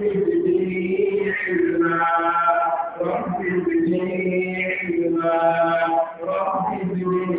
Thank you.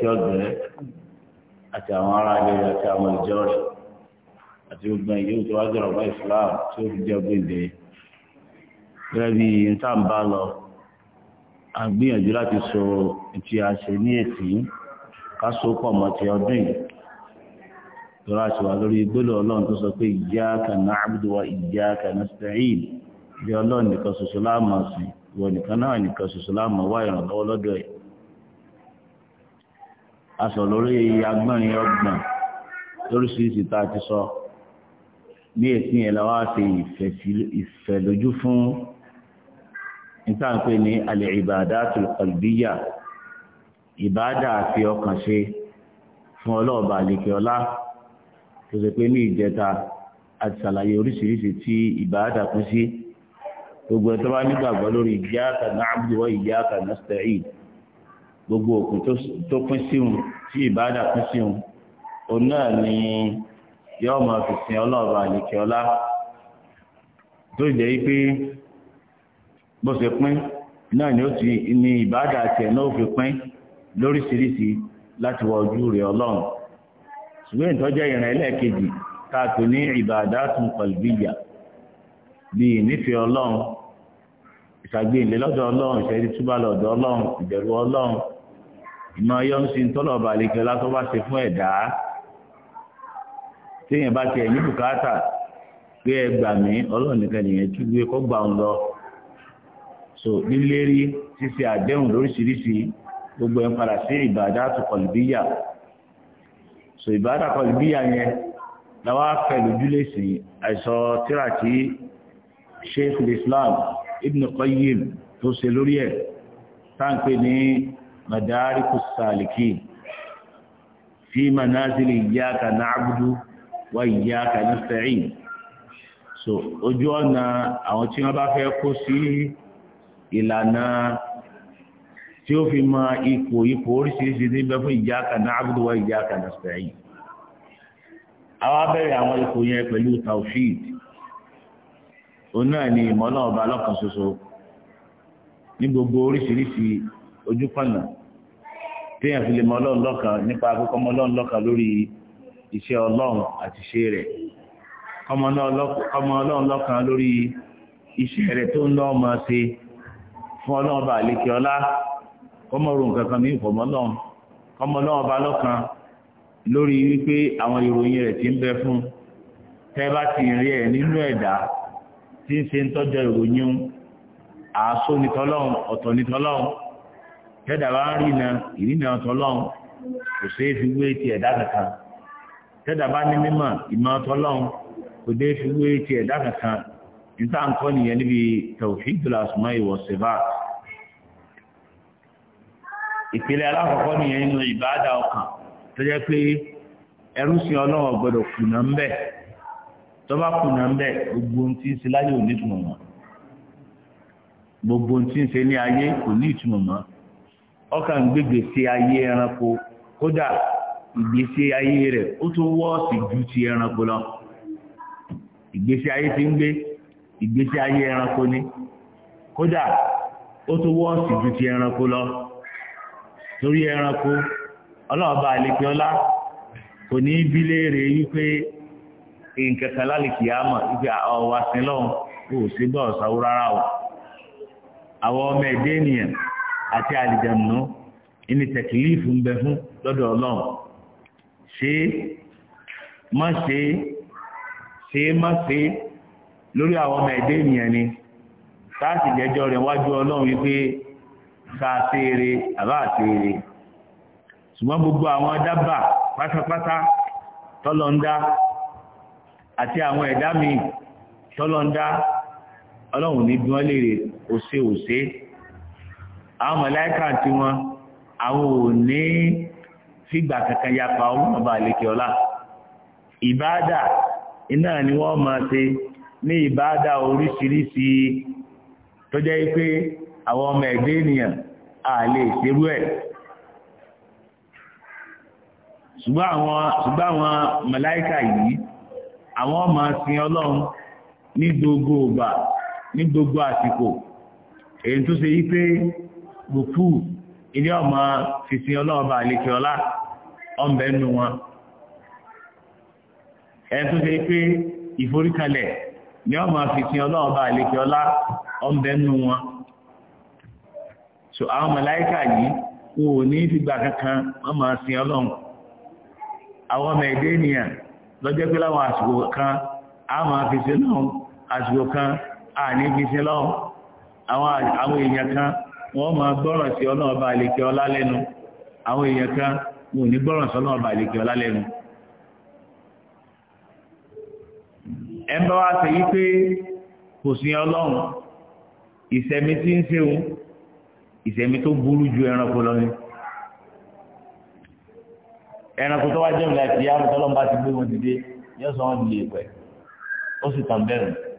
kí ọ̀gbẹ́ àti àwọn ará ilé àti àwọn ìjọ àti gbogbo ìyóò tó wá jọ̀rọ̀ bá ìsìláàmù tí ó fi jẹ́ gbèdé gẹ́gẹ́ bí ntàǹbà lọ a láti so ti a ṣe ní ètí ká so pọ̀ mọ́ ti ọdún yìí tó rà ṣe lórí ọlọ́run tó sọ pé bí ọlọ́run nìkan ṣoṣo ọ̀sìn nìkan náà nìkan ṣoṣo ìrànlọ́wọ́ lọ́dọ̀ aṣọ lórí agbọ́nrin ọgbọ̀n lóríṣiríṣi tá a ti sọ bí èsì yẹn la wá ṣe ìfẹ́ lójú fún nítàǹpé ní alẹ́ ibadatul qalbiyya ìbáàdà àfi ọkàn ṣe fún ọlọ́ọ̀bà àlèkè ọlá tó ṣe pé ní ìjẹta àti ṣàlàyé oríṣiríṣi tí ìbáàdà kún sí gbogbo ẹ̀ bá nígbàgbọ́ lórí iyyaka na'budu wa iyyaka nasta'in gbogbo òkú tó pín síhun tí ìbádà tún sí òun òun náà ni yóò máa fi sin ọlọ́ọ̀bà àlèkè ọlá tó jẹ́ pé bó ṣe pín náà ni ó ti ní ìbádà tiẹ̀ náà ó fi pín lóríṣiríṣi láti wọ ojú rẹ̀ ọlọ́run ṣùgbọ́n ìtọ́jẹ́ ìrìn ẹlẹ́ẹ̀kejì káàtó ní ìbàdátun qalbiyya bíi nífẹ̀ẹ́ ọlọ́run ìṣàgbéǹde lọ́dọ̀ ọlọ́run ìṣẹ́jú túbà ọlọ́run ìbẹ̀rù ọlọ́run ìmọ̀ yọ́n sí tọ́lọ̀ balẹ̀kẹ́ lásán bá ṣe fún ẹ̀dá téèyàn bá tiẹ̀ ní bùkátà pé ẹ gbà mí ọlọ́ọ̀nìkan nìyẹn túgbé kọ́ gbà ń lọ so lílérí ṣíṣe àdéhùn lóríṣiríṣi gbogbo ẹ̀ ń padà sí ìbàdà àtùkọ̀lùbíyà so ìbàdà àtùkọ̀lùbíyà yẹn làwọn afẹ́lú júlẹ̀sì àìsọ tíra sheikh islam ibn qayyim tó ṣe lórí ẹ̀ táǹpé ní madarikus salikin fi manazili iyyaka na'budu wa iyyaka nasta'in so ojú ọ̀nà àwọn tí wọ́n bá fẹ́ kó sí ìlànà tí ó fi mọ ipò ipò oríṣiríṣi ní bẹ fún iyyaka na'budu wa iyyaka nasta'in àwọn abẹ́rẹ́ àwọn ipò yẹn pẹ̀lú tawhid òun náà ni ìmọ̀ náà ṣoṣo ní gbogbo oríṣiríṣi ojúkọ̀nà téèyàn fi lè mọ ọlọ́run lọ́kàn nípa akókò ọmọ ọlọ́run lọ́kàn lórí iṣẹ́ ọlọ́run àti iṣẹ́ rẹ̀ ọmọ ọlọ́run lọ́kàn lórí iṣẹ́ rẹ̀ tó ń lọ́ ọmọ ṣe fún ọlọ́run bá àlékè ọlá kọ́mọ̀rún nǹkan kan ní ìfọ̀mọ́ ọlọ́run ọmọ ọlọ́run bá lọ́kàn lórí wípé àwọn ìròyìn rẹ̀ ti ń bẹ fún tẹ́ bá ti rí ẹ̀ nínú ẹ̀dá tí ń ṣe ń tọ́jọ ìròyìn àásó nítọ́lọ́run ọ̀tọ̀ nítọ́lọ́run tẹ́dà wá ń rìnà ìrìnà ọ̀tọ́lọ́hún kò ṣeé fi wé ti ẹ̀dá kankan tẹ́dà bá ní mímọ̀ ìmọ̀ ọ̀tọ́lọ́hún kò dé fi wé ti ẹ̀dá kankan níta ń kọ́ nìyẹn níbi tawhidul asma'i wa sifat ìpìlẹ̀ alákọ̀ọ́kọ́ nìyẹn nínú ìbáàdà ọkàn tó jẹ́ pé ẹrú sí ọlọ́wọ́ gbọ́dọ̀ kùnà ń bẹ̀ tó bá kùnà ń bẹ̀ gbogbo ohun tí ń ṣe láyé ò ní ìtumọ̀ mọ́ gbogbo ohun tí ń ṣe ní ayé kò ní ìtumọ̀ mọ́ Ọka ń gbégbèsè ayé ẹranko kódà ìgbésí ayé rẹ̀ ó tún wọ́ọ̀sì ju ti ẹranko lọ ìgbésí ayé ti ń gbé ìgbésí ayé ẹranko ni kódà ó tún wọ́ọ̀sì ju ti ẹranko lọ torí ẹranko ọlọ́ọ̀bá kò ní bí léèrè wípé wípé ọ̀wà àti àlìjànú ìní tẹ̀kìlífù ń bẹ fún lọ́dọ̀ ọlọ́run ṣe má ṣe ṣe má ṣe lórí àwọn ọmọ ẹ̀dẹ́ ènìyàn ni táàsì jẹ́jọ́ rẹ̀ wájú ọlọ́run wípé sàṣeere àbáṣeere ṣùgbọ́n gbogbo àwọn dábà pátápátá tọ́lọ́ndá àti àwọn ẹ̀dá míì tọ́lọ́ndá ọlọ́run ní bí wọ́n lè rè òṣèòṣèé àwọn mọ̀láìkà tí wọn àwọn ò ní fìgbà kankan yapa ọlọ́mọba àlekè ọlá ìbáàdà iná ni wọ́n máa ṣe ní ìbáàdà oríṣiríṣi tó jẹ́ pé àwọn ọmọ ẹ̀gbẹ́ ènìyàn a lè ṣerú ẹ̀ ṣùgbọ́n àwọn mọ̀láìkà yìí àwọn máa sin ọlọ́run ní gbogbo ọba ní gbogbo àsìkò èyí tó ṣe yí pé rùkú ilé ọmọ fìsìn ọlọ́ọ̀bà àlekè ọlá ọ̀nbẹ nù wọn. ẹni pé ìforíkalẹ̀ ni ọmọ fìsìn ọlọ́ọ̀bà àlekè ọlá ọ̀nbẹ nù wọn. so àwọn màláíkà yìí kò ní fìgbà kankan ọlọ́run. àwọn ọmọ ẹ̀dẹ́ ènìyàn wọ́n máa gbọ́ràn sí ọ̀nà ọba àlèkè ọlá lẹ́nu àwọn èèyàn kan wọn ò ní gbọ́ràn sí ọ̀nà ọba àlèkè ọlá lẹ́nu. ẹ ń bá wa ṣe yí pé kò sí ọlọ́run ìṣẹ̀mí tí ń ṣeun ìṣẹ̀mí tó burú ju ẹranko lọ ni ẹranko tó wá jẹ́ ìlà ìyá àmì tọ́lọ́mbà ti gbé wọn dìde yóò sọ wọn di èèpẹ̀ ó sì tàn bẹ́ẹ̀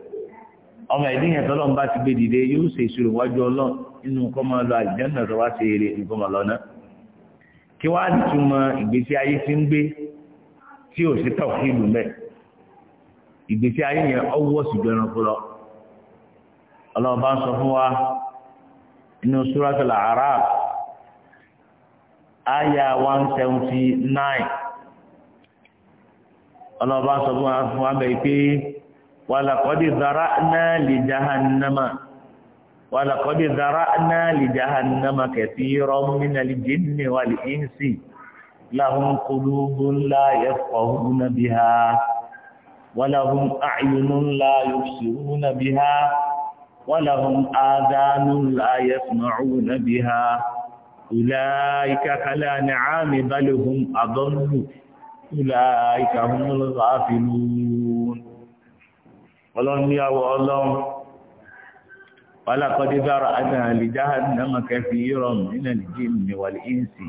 ọmọ ìdíyẹn tọ́lọ́ ń bá ti gbé dìde yóò ṣe ìṣirò wájú ọlọ́run nínú nǹkan máa lọ àlìjẹ́nà tó wá ṣe eré nǹkan máa lọ náà kí wàá nìtumọ̀ ìgbésí ayé ti ń gbé tí ò sí tọ̀kí ìlú mẹ́ ìgbésí ayé yẹn ọwọ́ sì gbẹran fún lọ ọlọ́run bá ń sọ fún wa nínú súrátìlà Araf àyà one seventy nine ọlọ́run ń sọ fún wa bẹ́ẹ̀ pé wàlàkọ́dì zara náà lè jahannama wàlàkọ́dì zara náà lè jahannama kẹfì rọ́mìnà lè jínni wà lè ínsì láhùn kúlúgbù ńlá yẹfọ̀hún nàbí ha wàlàhùn àyùnú ńlá yòfṣìrú nàbí ha wàlàhùn àdánú ńlá yẹfọ̀hún nàbí ha أولئك كالأنعام بل هم أضل أولئك هم الغافلون ọlọ́run níyàwó ọlọ́run walaqad zara'na li jahannama kathiran minal jinni wal insi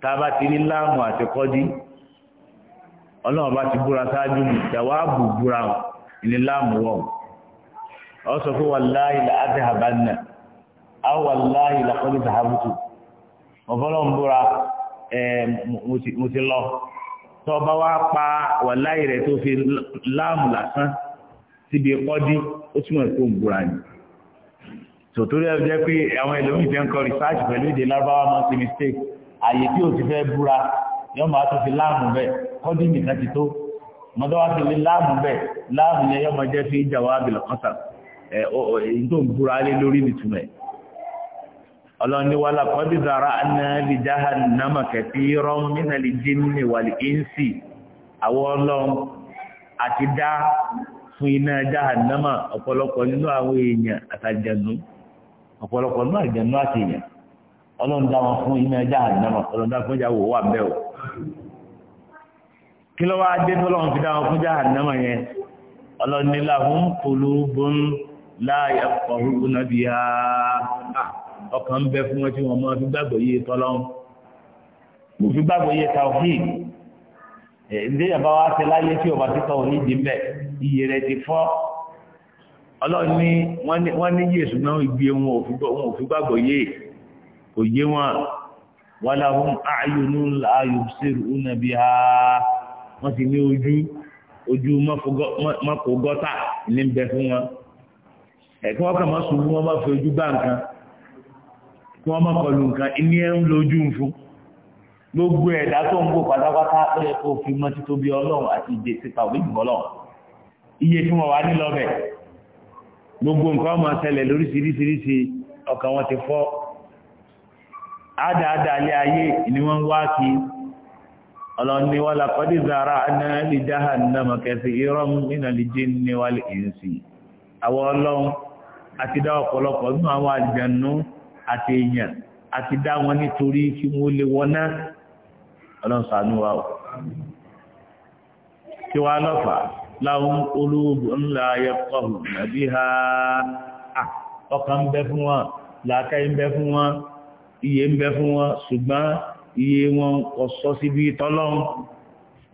tá a bá ti rí láàmù àti kọ́dí ọlọ́run bá ti búra sáájú mi ìjàwá bù búra ní láàmù wọ̀ ọ sọ pé wallahi mo ti lọ tọ́ bá wá pa wàláì rẹ̀ tó fi láàmù lásán síbi kọ́dí ó túmọ̀ sí òǹbúra ni tòtórí ẹ jẹ́ pé àwọn ẹlòmíì fẹ́ ń kọ research pẹ̀lú èdè lárúbáwá máa ń ṣe mistake àyè tí ò ti fẹ́ búra yọ́n máa tó fi láàmù bẹ́ẹ̀ kọ́dí nìkan ti tó mọ́tọ́wá ti lé láàmù bẹ́ẹ̀ láàmù yẹn yọ́n jẹ́ fi ìjàwá abìlọ̀ kọ́sà èyí tó ń búra lé lórí nìtumọ̀ ẹ̀ ọlọ́ni wà lápọ́dí zara anáàlì jahannama kẹfì rán mínàlì jínnì wàlì ínsì àwọn ọlọ́run àti dá fún iná jahannama ọ̀pọ̀lọpọ̀ nínú àwọn èèyàn àtàjẹ̀nu ọ̀pọ̀lọpọ̀ nínú àjẹ̀nu àti èèyàn ọlọ́run dá wọn fún iná jahannama ọlọ́run dá fún ìyàwó wà bẹ́ẹ̀ o kí ló wá dé tó lọ́run fi dá wọn fún jahannama yẹn ọlọ́run ní lahum qulubun la yafqahuna biha ah, ọkàn ń bẹ fún wọn tí wọn máa iye rẹ̀ ti fọ́ ọlọ́run ní wọ́n ní yé ṣùgbọ́n ibi wọn ò fi gbàgbọ́ yé kò yé wọn wọ́n láwọn ààyùnú láàyò sẹ́rù únàbí ha wọ́n ti ní ojú ojú mọ́kò gọ́tà ní bẹ fún wọn ẹ̀kọ́ ọkàn máa sùn wọ́n máa fi ojú bá nǹkan kí wọ́n máa kọlu nǹkan iní ẹ̀ ń lójú ń fún gbogbo ẹ̀dá tó ń gbò pátápátá ó yẹ kó fi mọ́ títóbi ọlọ́run àti ìdè síta òbí jùmọ́ iye tí wọ́n wà ní lọ́bẹ̀ gbogbo nǹkan ọmọ ṣẹlẹ̀ lóríṣiríṣiríṣi ọkàn wọn ti fọ́ ádáadáalẹ́ ayé ni wọ́n wá kí ọlọ́ni wà lápọ́dé zara anáàlì jahannama kẹsì irọ́ nínà lè jẹ́ níwálì ìrìnsì àwọn ọlọ́run àti dá ọ̀pọ̀lọpọ̀ nínú àwọn àjànú àti èèyàn àti dá wọn nítorí kí wọ́n lè wọ́ná ọlọ́run ṣàánú wa o kí wàá lọ́fàá láwọn olóògbò ńlá ayẹ́kọ̀ nàbí ha ọkàn ń bẹ fún wọn làákàyè ń bẹ fún wọn iye ń bẹ fún wọn ṣùgbọ́n iye wọn kò sọ síbi tọ́lọ́run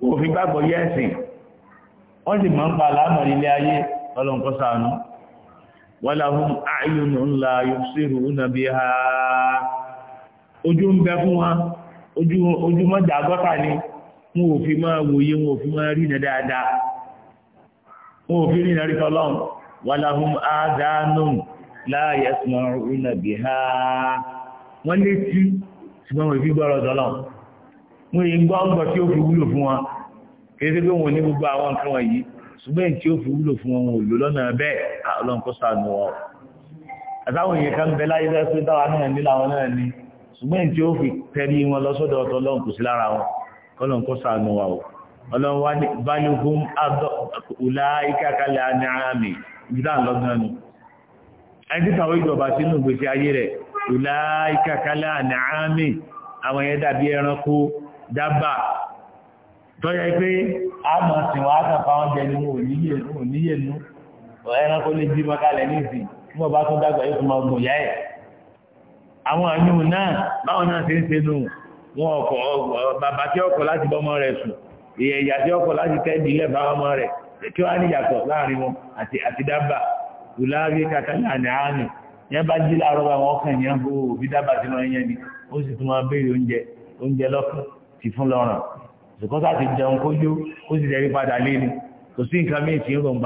kò fi gbàgbọ́ yẹ́sìn wọ́n sì máa ń pa àlámọ̀ ilé ayé ọlọ́run kó ṣàánú wọ́n láhùn àìyùn ńlá ojú ń bẹ fún wọn ojú mọ́jà gọ́ta ni wọn ò fi máa wòye wọn ò fi máa rí ní dáadáa wọn ò fi rí ìrìnàrí tọ́lọ́run wàláhùn áádánùn láàyè ẹ̀sùn ìrìnà bí ha wọ́n létí ṣùgbọ́n wọn fi gbọ́rọ̀ tọ́lọ́run wọn yìí gbọ́ ọgbọ̀ tí ó fi wúlò fún wọn kìí ṣe pé wọn ò ní gbogbo àwọn nǹkan wọ̀nyí ṣùgbọ́n èyí tí ó fi wúlò fún wọn ò lò lọ́nà bẹ́ẹ̀ ọlọ́run kó ṣàánú àtàwọn èèyàn kan bẹ láyé bẹ́ẹ̀ pé táwa náà ní làwọn náà ní ṣùgbọ́n èyí tí ó fi tẹ́rí wọn lọ́sọ́dọ̀ ọ̀tọ̀ ọlọ́run sí lára wọn kọ́lọ́run kó ṣàánú ọlọ́run wá ní balùhùn ọ̀lá ìkàkàlẹ̀ àmì àmì ìdá lọ́gbọ́n ni ẹni tí tàwọn ìjọba sínú gbèsè ayé rẹ̀ ọ̀lá ìkàkàlẹ̀ àmì àmì àwọn yẹn dàbí ẹranko dábà tọ́yẹ pé àmọ̀ sí wọn á kàn fáwọn jẹ nínú òníyẹnu ẹranko lè jí mọ́kálẹ̀ ní ìsìn tí wọ́n bàbá tí ọkọ̀ láti bọ́mọ rẹ̀ sùn ìyẹ ìyà tí ọkọ̀ láti tẹ́ ìbílẹ̀ bá ọmọ rẹ̀ kí wọ́n á níyàtọ̀ láàrin wọn àti àti dábà ìlàrí ní yẹn bá jí bá wọn kàn yẹn bó òbí dábà tí wọ́n yẹn ni ó sì tún máa béèrè oúnjẹ oúnjẹ lọ́kàn ti fún lọ́rùn ti jẹun kójú ó sì padà lé ni kò sí nǹkan ń rò ń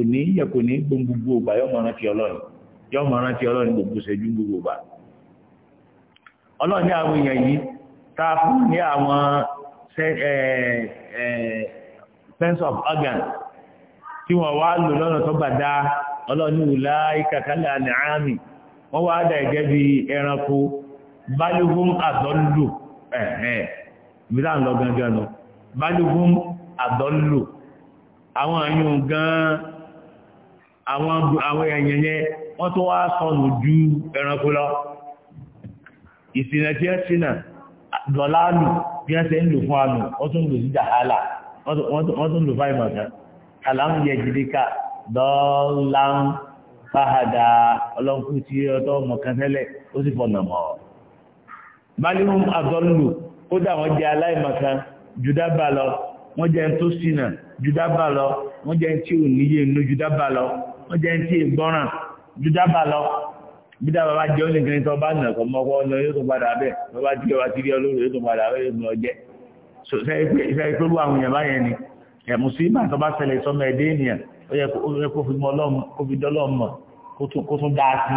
lọ́lọ́ gbogbo ọlọ́run ta fún ní àwọn sense of organ tí wọ́n wá lò lọ́nà tó gbà dá ọlọ́ni ìlà ìkàkálẹ̀ àmì àmì wọ́n wá dá ẹ̀gẹ́ bí ẹranko balihum adọ́lù ẹ̀hẹ́ ìbílá ń lọ gangan lọ balihum adọ́lù àwọn dọ̀láàlù bí wọ́n ṣe ń lò fún àánú wọ́n tún lò sí jàhálà wọ́n tún lò fún àìmọ̀ká aláàmù yẹ jìdíkà dọ́ọ̀láàmù fáhàdà ọlọ́nkú tí ọtọ́ mọ̀kan tẹ́lẹ̀ ó sì fọ̀nà mọ́ ọ. balihum abdullu kódà wọ́n jẹ́ aláìmọ̀kan jùdábà lọ wọ́n jẹ́ tó ṣìnà jùdábà wọ́n jẹ́ tí ò níyè nínú jùdábà wọ́n jẹ́ tí ì bídá bàbá jẹ́ ó ní kí ní tọ́ bá nà kọ́ mọ́kọ́ lọ yóò tó padà bẹ́ẹ̀ bàbá tí ó wá ti rí olóòrò yóò tó padà bẹ́ẹ̀ yóò lọ jẹ́ ṣe àwọn èèyàn báyẹn ni ẹ̀mú sí ìgbà tó bá ṣẹlẹ̀ sọmọ ẹ̀dẹ́ ènìyàn ó yẹ kó fi mọ ọlọ́mọ kó fi dọ́lọ́mọ kó tún dáa sí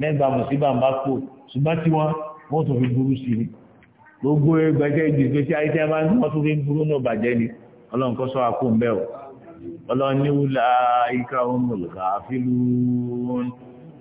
mẹ́gbàá mùsíbà ń bá pò ṣùgbọ́n tí wọ́n wọ́n tún fi burú sí i gbogbo ni ọlọ́run kọ́ sọ àkóńbẹ́ o ọlọ́run ní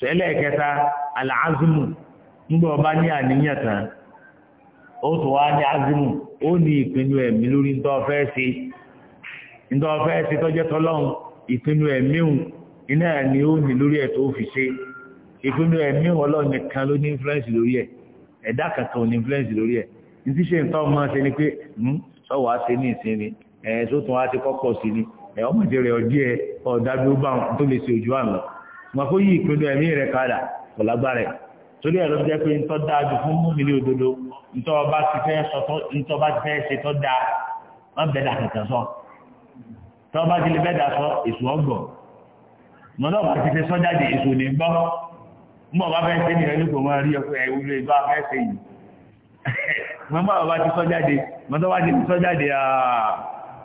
sẹ́lẹ̀ ala aláàzùmù ọba ní àníyàn tán ó tó wá ní azimu ó ní ìpinnu lórí ntọ́ fẹ́ ṣe ntọ́ fẹ́ ṣe tọ́jẹ́ tọ́lọ́hún ìpinnu iná ni ó ní lórí ẹ̀ tó ṣe ìpinnu ẹ̀mí ọlọ́run nìkan ló ní influence lórí ẹ̀ ẹ̀dá kankan ò ní influence lórí ẹ̀ ọmọ ṣe ni pé hmm, sọ́wọ́ á ṣe ní ìsinmi ẹ̀ á ti kọ́kọ́ sí ni ẹ̀ ọmọdé rẹ̀ ọdí ẹ̀ tó lè ṣe ojú àná mọ̀ kó yí ìpinnu ẹ̀mí rẹ̀ padà kò lágbára ẹ̀ torí ẹ̀rọ jẹ́ pé ń tọ́ dáa ju fún múmi ní òdodo ń tọ́ bá ti fẹ́ ṣe tọ́ dáa wọ́n bẹ̀dà kankan sọ tọ́ ti lè bẹ́dà sọ èso ọgbọ̀n mọ́tọ́ ti fẹ́ sọ èso ní gbọ́ mọ́ bá fẹ́ ṣe nìkan nípò máa rí ọkọ̀ ẹ̀wù lè bá fẹ́ ṣe yìí mọ́tọ́ bá ti sọ jáde ti sọ jáde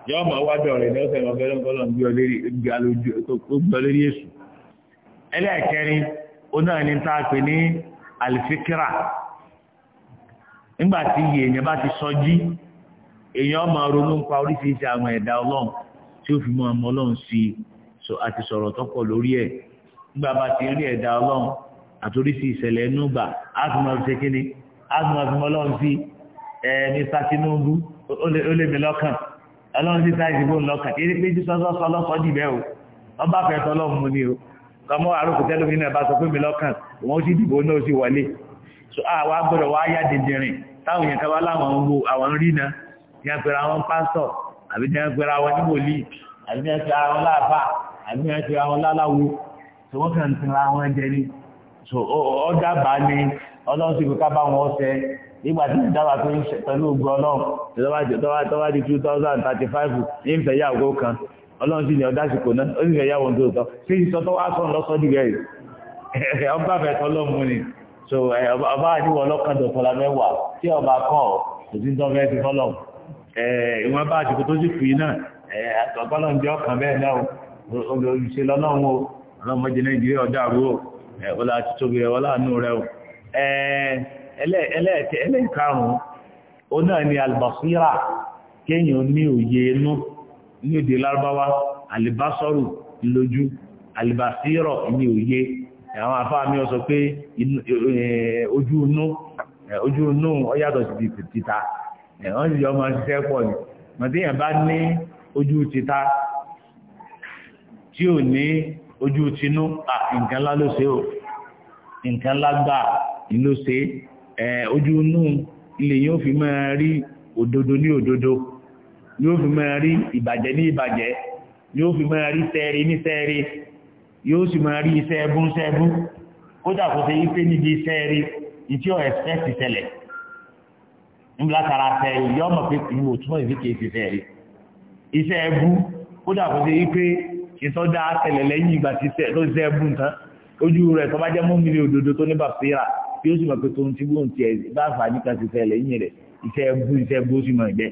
yọ́ ọmọ wájú ọ̀rẹ́ ní ọ̀sẹ̀ ìwọ̀n fẹ́ lọ́nkọ́ gbé ọ lérí èṣù ẹlẹ́ẹ̀kẹrin onáà ní tá pè ní alifikira nígbà tí ti soji èèyàn máa ronú nípa oríṣiríṣi àwọn ẹ̀dá ọlọ́run tí ó fi mọ ọmọ ọlọ́run sí àti sọ̀rọ̀ tọ́pọ̀ lórí ẹ̀ nígbà ti rí ẹ̀dá ọlọ́run àtòríṣi ìṣẹ̀lẹ̀ ẹnúgbà ọlọ́run sí lọ́kàn pé o ọba fẹ́ o kọmọ àrùkù tẹ́lómi náà bá sọ pé mi lọ́kàn wọ́n sì dìbò náà sì wọlé so àwa gbọ́dọ̀ wá yá dìndìnrìn táwọn èèyàn kábá láwọn ń wo àwọn rí na ní agbèrè àwọn pásítọ̀ àbí ní agbèrè àwọn níwòlí àbí ní agbèrè àwọn láàfà àbí ní agbèrè àwọn láláwo so wọ́n kàn ti ra àwọn ẹ̀jẹ̀ ni so ọ dábàá ni ọlọ́run sì fi kábà wọn ṣẹ nígbà tí ìjábà tó ń ṣe pẹ̀lú ògùn ọlọ́run tó bá di two thousand thirty five ní ìfẹ̀yàwó kan ọlọ́run sì ní ọdá àsìkò náà ó sì fẹ́ yáwọn tó tọ́ sí ìsọ wá sọ́n lọ́sọ́ dìgẹ́ rẹ̀ ọba fẹ́ tọ́ lọ́mú ni so ọba àdìwọ̀ ọlọ́kan dọ̀tọ́lá mẹ́wàá tí ọba kọ́ kò sí tọ́ fẹ́ ti fọ́lọ̀ ìwọ̀n bá àsìkò tó sì fì náà ọgọ́lọ́run jẹ́ ọkàn bẹ́ẹ̀ náà olùṣe lọ́lọ́run o ọlọ́mọdé nàìjíríà ọjà rú o ọlá àti tóbi rẹ̀ náà ni albasira kéèyàn ní òye ní èdè lárúbáwá alìbásọ́rù ńlójú alìbàsírọ̀ ní òye àwọn afáàmì ọ̀sọ̀ pé eh, ojú inú eh, ojú inú ọ̀yàtọ̀ sí ti tìta eh, wọ́n sì yọ ọmọ ṣiṣẹ́ pọ̀ ní mọ̀tíyàn bá ní ojú tìta tí ò ní ojú tinú nǹkan ńlá ò nǹkan ńlá gbà ojú inú ilẹ̀ yóò fi máa rí òdodo ní òdodo yóò fi máa rí ìbàjẹ́ ní ìbàjẹ́ yóò fi máa rí sẹ́ẹ̀rí ní sẹ́ẹ̀rí yóò sì máa rí iṣẹ́ ẹbún sẹ́ẹ̀bún ó dàpọ̀ sí ife níbi sẹ́ẹ̀rí ìtí ọ̀ ẹ̀sẹ̀tì sẹlẹ̀ nígbà tara sẹ́ẹ̀rí yọ ọmọ pé kìí òtúmọ̀ ìfi kìí fi sẹ́ẹ̀rí iṣẹ́ ẹbú ó dàpọ̀ sí ife ìtọ́jà sẹlẹ̀ lẹ́yìn ìgbà tí ló ṣe ẹbún tán ojú rẹ̀ tó bá jẹ́ mú mi òdodo tó ní bàfíra bí ó sì mọ̀ pé tòun ti bóun tiẹ̀ bá àǹfààní kan ti sẹlẹ̀ yìn rẹ̀ iṣẹ́ ẹbú iṣẹ́ ẹbú ó sì mọ̀ ìgbẹ́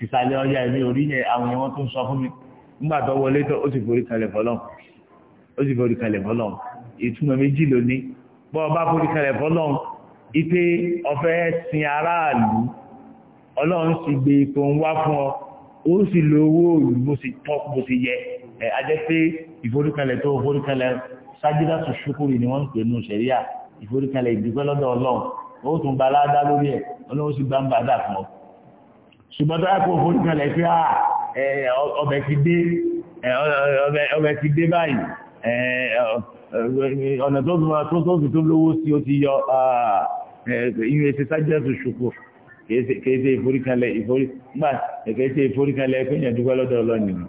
tìsàlẹ̀ ọyá ẹ̀mí orí yẹn àwọn yẹn wọ́n tún sọ fún mi nígbà tó wọlé tó ó sì forí kalẹ̀ fọlọ́n ó sì forí kalẹ̀ fọlọ́n ìtumọ̀ méjì ló ní bọ́ ọba forí kalẹ̀ fọlọ́n ipe ọ̀fẹ́ sin aráàlú ọlọ́run sì gbé ipò ń wá fún ọ ó sì lo owó òòlù bó ṣe tọ́ bó ṣe yẹ ẹ̀ ajẹ́ pé ìforíkalẹ̀ tó ìforíkalẹ̀ sájídá tó ṣúkúrì ni wọ́n ń pè ní ṣẹ̀ríà ìforíkalẹ̀ ìdúpẹ́ lọ́dọ̀ ọlọ́run ó tún balá dá lórí ẹ̀ ọlọ́run sì gbá ń bàdà fún ọ ṣùgbọ́n tó yàkó orí kalẹ̀ pé ọbẹ̀ ti dé báyìí ọ̀nà tó tó tó tó lówó sí o ti yọ ìyún ẹsẹ sájẹ́sù ṣùkú kéèsè ìforíkalẹ̀ ìforíkalẹ̀ pẹ́yàn dúpẹ́ lọ́dọ̀ ọlọ́nìyàn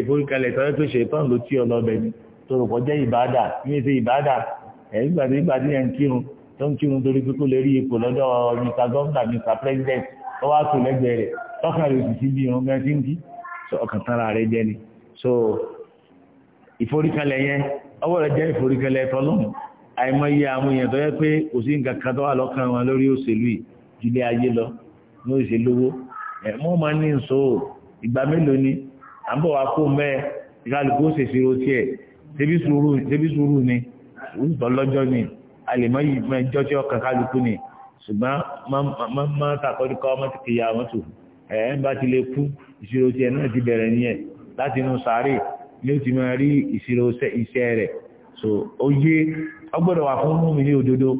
ìforíkalẹ̀ tọ́rẹ́ tó ṣe tán ló tí ọlọ́bẹ̀ ni tó rọ̀pọ̀ jẹ́ ìbádà ní ẹsẹ ìbádà ẹ̀yìngbàdìgbàdì ẹ̀ ń kírun tó ń kírun torí pé kó lè rí ipò lọ́dọ̀ mr governor mr president ó wá tó lẹ́gbẹ̀ẹ́ rẹ̀ tọ́kà rẹ̀ bí irun gan ti ń kí so ọkàn tara rẹ̀ jẹ́ ni so ìforíkalẹ̀ yẹn ọwọ́ rẹ̀ jẹ́ ìforíkalẹ̀ tọ́lọ́mù àìmọye àwọn èèyàn tó yẹ pé kò sí nǹkan kan tó wà lọ́kàn wọn lórí nso ìgbà ni à ń bọ̀ wá kó mẹ́ẹ̀ ìkálukú ṣèṣe ro tiẹ̀ ṣebí sùúrù ni sùúrù tọ́lọ́jọ́ ni àlèmọ́ yìí ṣùgbọ́n máa tàkọ́jú kọ́ ọmọ ti kì ya wọn tù ẹ̀ ń bá ti lè kú ìṣirò tiẹ̀ náà ti bẹ̀rẹ̀ nìyẹn láti inú sàárè ni ó ti máa rí ìṣirò iṣẹ́ rẹ̀ so oyé ọgbọ́dọ̀ wà fún mùmí ní òdodo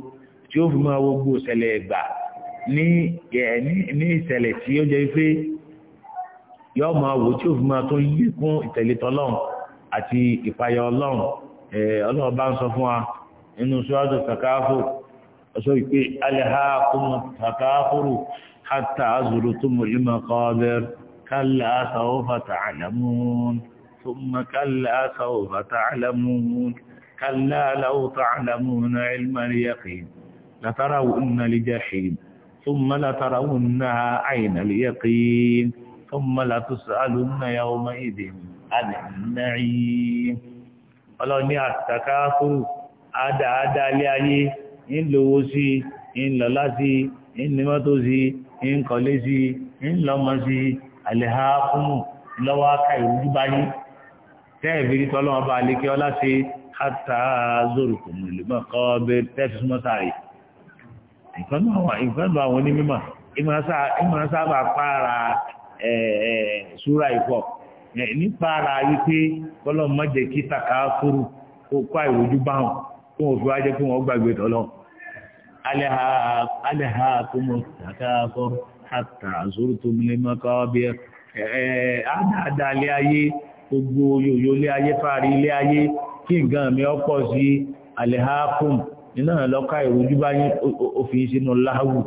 tí ó fi máa wọgbó ìṣẹ̀lẹ̀ ẹ̀gbà ní ìṣẹ̀lẹ̀ tí ó jẹ́ pé yọ́ máa wò tí ó fi máa tún yí kún ìtẹ̀lé tọ́lọ́run àti ìpayà ọlọ́run ọlọ́run bá ń sọ fún wa nínú sọ́ọ́dọ̀ kàkáfò ọ̀ṣọ́ ìpé alẹ́hàkùnmù takafuru hatta azùrùtùmù ìmọ̀kọ́bẹ̀r kálà sawfa ta'lamun thumma kálà sawfa ta'lamun kálà law ta'lamuna ilmal yaqin latarawunna al-jahim thumma latarawunnaha 'ayna al-yaqin thumma latus'alunna yawma'idhin 'ani an-na'im ọlọ́ni àtàkáfúrù àdáadáa lé ayé ń lówó sí ń lọ́lá sí ń nímọ́tò sí ń kọ́lé sí ń lọ́mọ sí àlèhà kúmù lọ́wọ́ ká ìrújú bá yín tẹ́ẹ̀fì rí tọ́lọ́wọ́ bá lékè ọlá sí hátà zòrò kò mú ìlú náà kọ́ bẹ tẹ́ẹ̀fì súnmọ́ sáré ìkànnì àwọn onímọ̀ ìmọ̀ sábà pààrà ṣúra ìfọ̀ nípa ara wípé kọ́lọ́ mọ́jẹ̀ kí tàkà fúrú kó kó àìrújú báwọn kó wọ́n fi wá jẹ́ kí ألهاكم التكاثر حتى زرتم المقابر àdáadáa ilé ayé gbogbo yòyó ilé ayé fàárí ilé ayé kí nǹkan mi ọ̀pọ̀ sí alehakum nínú ọlọ́ka ìrojú bá yín òfin sínú láhùú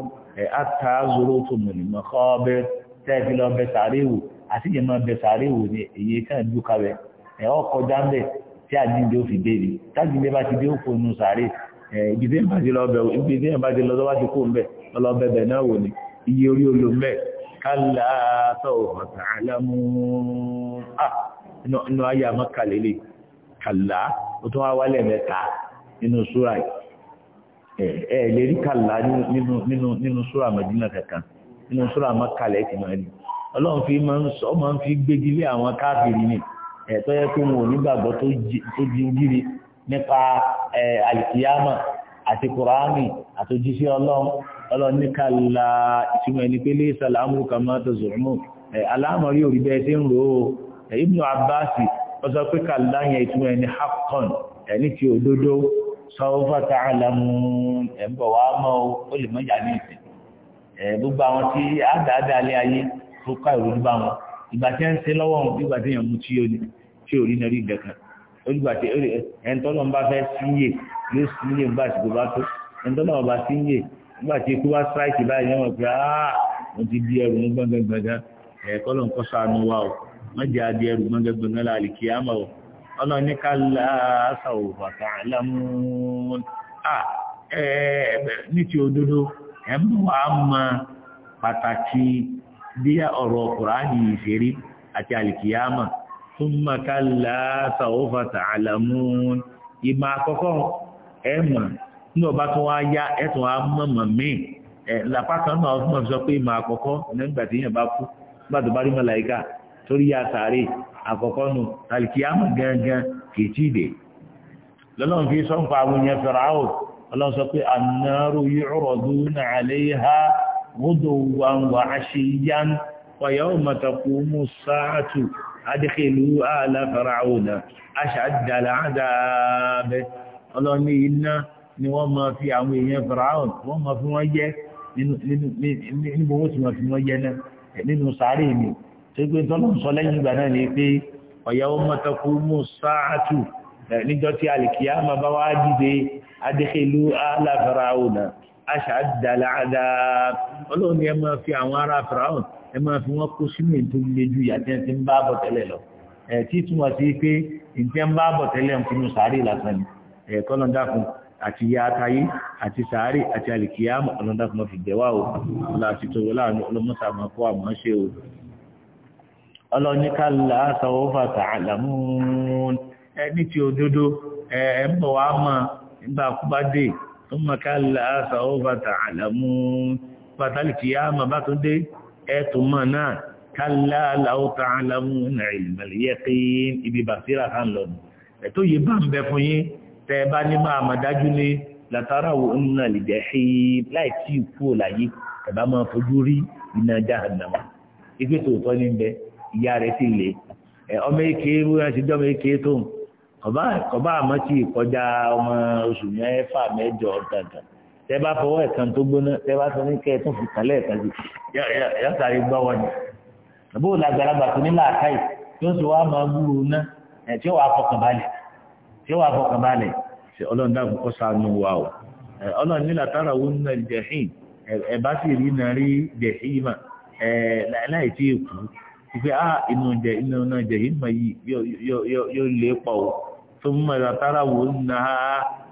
ẹ̀ àtà zoro tó mọ̀ nìmọ̀ kọ́ ọbẹ̀ tẹ́ẹ̀fì lọ bẹ sàárè wò àti ìyẹn bẹ sàárè wò èyí kan ju kalẹ̀ ẹ̀ ọkọ̀ jáńbẹ̀ tí àjíǹde ó fi dé tájíǹde bá ti dé ó inú sàárè Eh, ibi tí ìbá ti lọ bẹ̀ ibi tí ìbá ti lọ lọ́wọ́ ti kó ń bẹ̀ ọlọ́bẹ̀ bẹ̀ náà wò ní iye orí olo ń bẹ̀ kálá sọ̀rọ̀ ọ̀tà alámú à ah, inú ayé àmọ́ kàlélẹ̀ ó tún wá wálẹ̀ mẹ́ta nínú súra eh, ẹ̀ ẹ̀ lè rí nínú súra mẹ́dínà kankan nínú súra àmọ́ ti máa rí ọlọ́run fi máa ń sọ máa ń fi gbégi lé àwọn káàkiri ni ẹ̀tọ́ eh, yẹ kó wọn ò nígbàgbọ́ tó jíire nípa alikiyama àti kùránì àtòjíṣẹ́ ọlọ́run ọlọ́run ní kàlà ìtumọ̀ ẹni pé lè sàlà amúrúkà máa tó zùrùmù aláàmọ̀rí òrí bẹ́ẹ̀ tí ń rò ó Ibn Abbas ó sọ pé kàlà yẹn ìtumọ̀ ẹni haqqan ẹni tí òdodo sọ́wọ́fà ta'lamu ẹ̀bọ̀ wàá mọ́ ó lè mọ́jà ní ìsìn olùgbàtí ẹ̀ńtọ́nà bá fẹ́ síyè ló síyè nígbà tí kò bá tó ẹ̀ńtọ́nà bá síyè nígbà tí ikú bá sáìkì báyìí wọ́n pé áá ah, mo ti di ẹrù ní gbọ̀ngàngbọ̀ngàn ẹ̀kọ́ ló ń kọ́ sànù wa o wọ́n jẹ́ adi ẹrù gbọ̀ngàngbọ̀ngàn láàlì kí á mọ̀ o ọlọ́run ní ká láàásà ò bàtà lámùún à ní ti òdodo ẹ̀ mú wa mọ pàtàkì bí ọ̀rọ̀ Kùránì ìṣeré àti àlìkìyàmọ̀ thumma kalla sawfa ta'lamun ìmọ̀ àkọ́kọ́ ẹ̀ mọ̀ nígbà bá tún wá yá ẹ̀ tún wá mọ̀mọ̀ míì ẹ̀ làpá kan náà fún ọ̀fíìsọ pé ìmọ̀ àkọ́kọ́ nígbà tí yẹn bá kú nígbà tó bá rí màláíkà torí yá sàárè àkọ́kọ́ nù àlìkìyàmọ̀ gangan kìí tí ì dé lọ́lọ́run fi sọ́nfà àwọn èèyàn Fáráò ọlọ́run sọ pé annaru yu'raduna 'alayha ghuduwwan wa 'ashiyyan wa yawma taqumu as-sa'atu adìkìlú ààlà faraona aṣàdàlà àdàbẹ̀ ọlọ́ni iná ni wọ́n máa fi àwọn èèyàn faraon wọ́n máa fi wọ́n jẹ níbo wọ́n sì máa fi wọ́n jẹ náà nínú sàárè mi tó gbé tọ́lọ́ sọ lẹ́yìn ìgbà náà ni pé ọ̀yà wọn mọ́tàkù mú sáàtù níjọ́ tí alìkìyà máa bá wá dìde adìkìlú ààlà aṣàdàlà àdàbẹ̀ ọlọ́ni ẹ máa fi àwọn ará faraon ẹ máa fi wọ́n kó sínú èyí tó le ju ìyá tí wọ́n ti ń bá bọ̀ tẹ́lẹ̀ lọ ẹ̀ tí túmọ̀ sí pé èyí tí wọ́n bá bọ̀ tẹ́lẹ̀ ń finú sàárè lásán ni ẹ̀ kọ́nà dákun àti ya atayé àti sàárè àti àlìkìyàmù ọ̀nà dákun fi jẹ́wà o láti tó láàrin ọlọ́mọ́sà máa kó àmọ́ ṣe o ọlọ́níkàlá sọ̀wọ́fà tààlàmùn ẹni tí òdodo ẹ̀ ń bọ̀ wá mọ̀ nígbà kúbá dé ọmọkàlá sọ̀wọ́fà tààlàmùn pàtàlìkìyàmù bá tó dé ẹ̀tùn mọ̀ náà kálá láwùtà aláwùn ìlmẹ̀lì yẹ kí ibi bàtírà kan lọ nù ẹ̀tọ́ yìí bá ń bẹ fún yín tẹ́ bá ní máa mà dájú ní látara wo ń nà lè jẹ́ ṣí láì tí ì kú òláyé máa fojú rí iná ní bẹ ìyá rẹ̀ sì lè ọmọ èké tó àmọ́ tẹ bá fọwọ́ ẹ̀kan tó gbóná tẹ bá ní kẹ́ fi kàlẹ́ ẹ̀kan sí gbọ́ wọn ni tó ní làákàyè wá máa ná ẹ̀ tí ó tí ó ṣe ọlọ́run kọ́ wa o ọlọ́run nílà tára ń jẹ̀hìn sì rí nàrí jẹ̀hìn mà ẹ̀ láì tí ì kú ìfẹ́ inú jẹ inú náà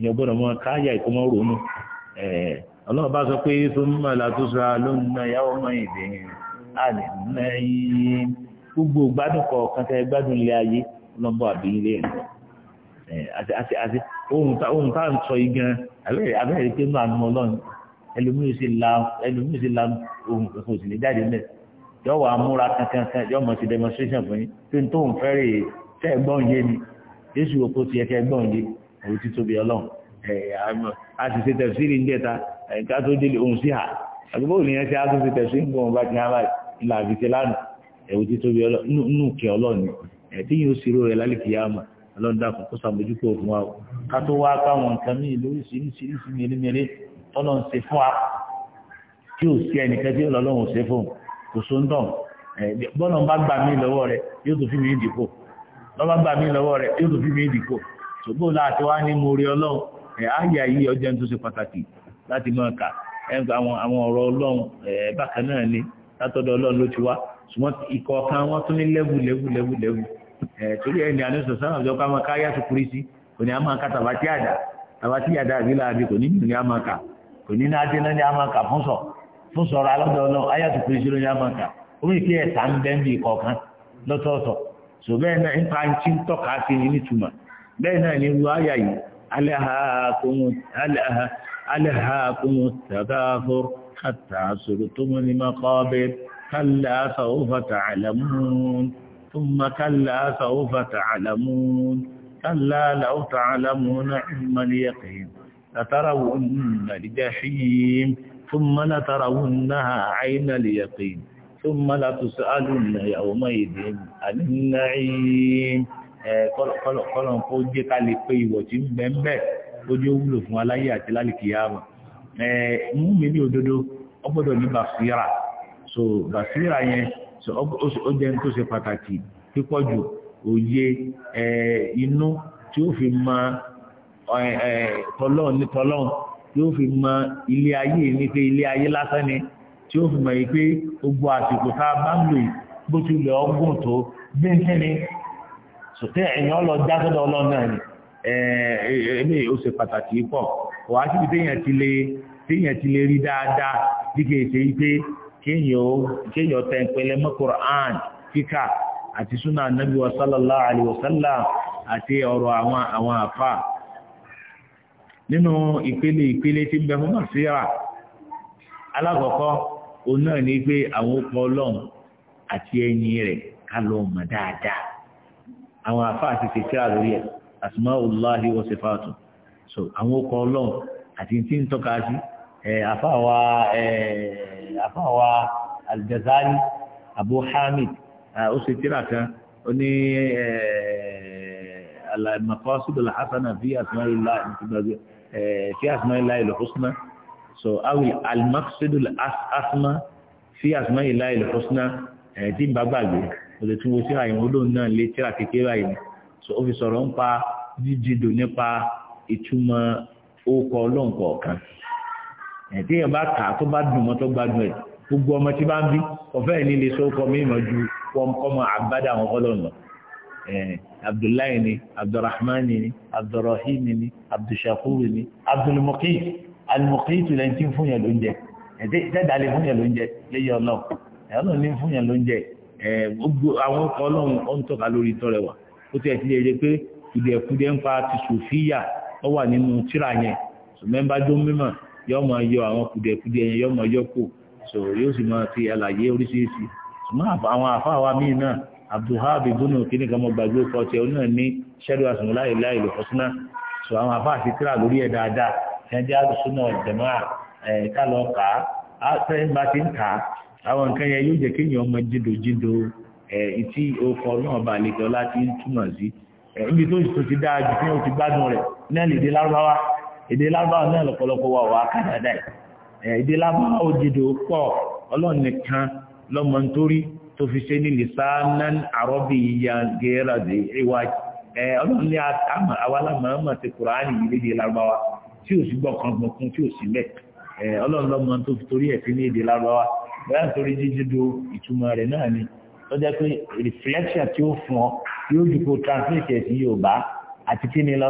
ìyẹn gbọ́dọ̀ mọ káyà ìkómọ́ ronú ọlọ́run bá sọ pé tó ń mọ̀ látúnṣe lónìí náà yàwó mọ́ ìdè àlè mẹ́yìn gbogbo gbádùn kọ̀ọ̀kan tẹ́ gbádùn ilé ayé lọ́bọ̀ àbí ilé ẹ̀ àti àti la ẹlòmíì la ohun kankan sì lè jáde mẹ́ yọ wà á múra kankan yọ mọ̀ sí demonstration fún yín pé n tó ń fẹ́rẹ̀ tẹ́ yé ni Jésù òkú tiẹ̀ kẹ́ yé òun ti tóbi ọlọ́run a ti ṣe tẹ̀síìrì ń jẹta ẹ̀ka tó délé ohun sí ha àgbẹ̀bọ̀ òní yẹn ṣe a tó ṣe tẹ̀síìrì ń gbọ̀n bá ti hàn báyìí ìlà àbíṣe lánàá ẹ̀wù ti tóbi ọlọ́run nù kẹ́ ọlọ́run ẹ̀tí yóò ṣírò rẹ̀ lálẹ́ kìyàmà ọlọ́run dákun kó sàmójúkò fún wa o ká tó wá káwọn nǹkan míì lóríṣiríṣiríṣi mèremère tọ́lọ́ ń ṣe fún wa tí ò sí ẹnìkan tí ọlọ́run ò ṣe fún kò so ń dàn bọ́lọ̀ ń bá gbà mí lọ́wọ́ rẹ̀ yóò tó fi mí dìpò lọ́ bá gbà mí lọ́wọ́ rẹ̀ yóò tó fi mí dìpò ṣùgbọ́n láti wá ní mórí ọlọ́run ẹ̀ áyà yìí ọjọ́ tó ṣe pàtàkì láti máa kà àwọn ọ̀rọ̀ ọlọ́run bákan náà ni látọ̀dọ̀ ọlọ́run ló ti wá ṣùgbọ́n ìkọ̀ọ̀kan wọn tún ní lẹ́wù lẹ́wù lẹ́wù lẹ́wù ẹ̀ torí ẹ̀ ní àníṣọ sáwọn ọjọ́ ká máa káyà tó kúrí sí kò ní a máa ka tàbátí àdá tàbátí àdá àbí láabi kò ní ní a máa kà kò ní náà dé náà ní a máa kà fún بين náà ألهاكم, ru àyà yìí aláhàkùnmù tàbáfọ́ àtàṣòro tó mú ní ثم كلا سوف تعلمون كلا لو تعلمون علم اليقين لترون الجحيم ثم لترونها عين اليقين ثم لتسألن يومئذ عن النعيم kọ́lọ̀ kó jẹ́ ká lè pé ìwọ̀ tí ń bẹ ń bẹ ó jẹ́ wúlò fún aláyé àti lálìkìyàmà mú mi ní òdodo ó gbọ́dọ̀ ní bàfíra so bàfíra yẹn ó jẹ́ tó ṣe pàtàkì pípọ̀ jù òye inú tí ó fi mọ tọlọ́n ní tọlọ́n tí ó fi mọ ilé ayé ní pé ilé ayé lásán ni tí ó fi mọ yìí pé gbogbo àsìkò tá a bá ń lò bó ti lè ọgbọ́n tó bí n kí ni sòtẹ́ ẹ̀yìn ọlọ já sọ́dọ̀ ọlọ́run náà ni ẹ̀ẹ́dẹ́ ó ṣe pàtàkì pọ̀ kò wá síbi téèyàn ti lè rí dáadáa bí kì í kéèyàn tẹ ìpẹlẹ mọ́ Qur'an kíkà àti súnà nàbí wa sallallahu àti ọ̀rọ̀ àwọn àwọn àfà nínú ìpele ìpele tí ń bẹ fún alákọ̀ọ́kọ́ àwọn àfáà ti ṣe tíra lórí ẹ̀ asmaullahi wa sifatu so àwọn okọ̀ ọlọ́run àti tí ń tọ́ka sí àfáà wa àfáà wa al-Jazari Abu Hamid ó ṣe tíra kan ó ní al hasana fi asmaullahi fi asmaullahi so awi al-maqasid al-asma fi asmaullahi al-husna tí ń bá gbàgbé kò lè túwó síra ìwọ̀n lóun náà lé tíra kékeré ìní so ó fi sọ̀rọ̀ pa jíjìdò nípa ìtumọ̀ orúkọ ọlọ́run kọ̀ọ̀kan ẹ̀tí èèyàn bá kà á tó bá dùn mọ́ tó gbádùn ẹ̀ gbogbo ọmọ tí bá ń bí ọ̀fẹ́ ẹ̀ nílé sọ́kọ mímọ́ ju ọmọ àbádà àwọn ọlọ́run abdullahi ni abdulrahman ni abdulrahim ni abdulshakur ni abdulmuqi almuqi lẹ́yìn tí ń fún yẹn lóúnjẹ ẹ̀tí ìtẹ́dàlẹ́ fún yẹn lóúnjẹ lẹ́yìn ọlọ́run ẹ̀yọ́ náà ní fún yẹn lóúnjẹ Eh, gbogbo àwọn ọkọ̀ ọlọ́run ọ̀ tọ́ka lórí tọrẹ wà ó ti ẹ̀sìn lè pé kùdẹ̀kùdẹ̀ ń pa ti sòfíyà ọ wà nínú tíra yẹn mímọ̀ yọ mọ̀ yọ àwọn kùdẹ̀kùdẹ̀ yẹn yọ mọ̀ yọ so yóò sì ti àlàyé oríṣiríṣi ṣùgbọ́n àwọn àfáàwá míì náà abdulhab ibùnú kíní kan mọ gbàgbé ọkọ tí náà ní ṣẹ́dọ̀ láì àwọn nǹkan yẹn yóò jẹ́ kéèyàn ọmọ jíndòjíndò ẹ̀ tí orúkọ náà bá lè jọ láti túmọ̀ sí ẹ̀ níbi tó tó ti dáa jù fún òtí gbádùn rẹ̀ náà lè dé lárúbáwá èdè lárúbáwá náà lọ́pọ̀lọpọ̀ wà wà kàdàdà ẹ̀ èdè lárúbáwá ó jíndò pọ̀ ọlọ́run nìkan lọ́mọ nítorí tó fi ṣe ní lisanan arọ́bì yíya gẹ́rà dé ìwà ẹ̀ ọlọ́run ní àwa lámàmà ti kùránì yìí lédè lárúbáwá tí ò sí gbọ̀kan gbọ̀kan tí bẹ́ẹ̀ nítorí jíjído ìtumọ̀ rẹ̀ náà ni tó jẹ́ pé reflection tí ó fún ọ yóò dùkú translate sí Yorùbá àti kíni lọ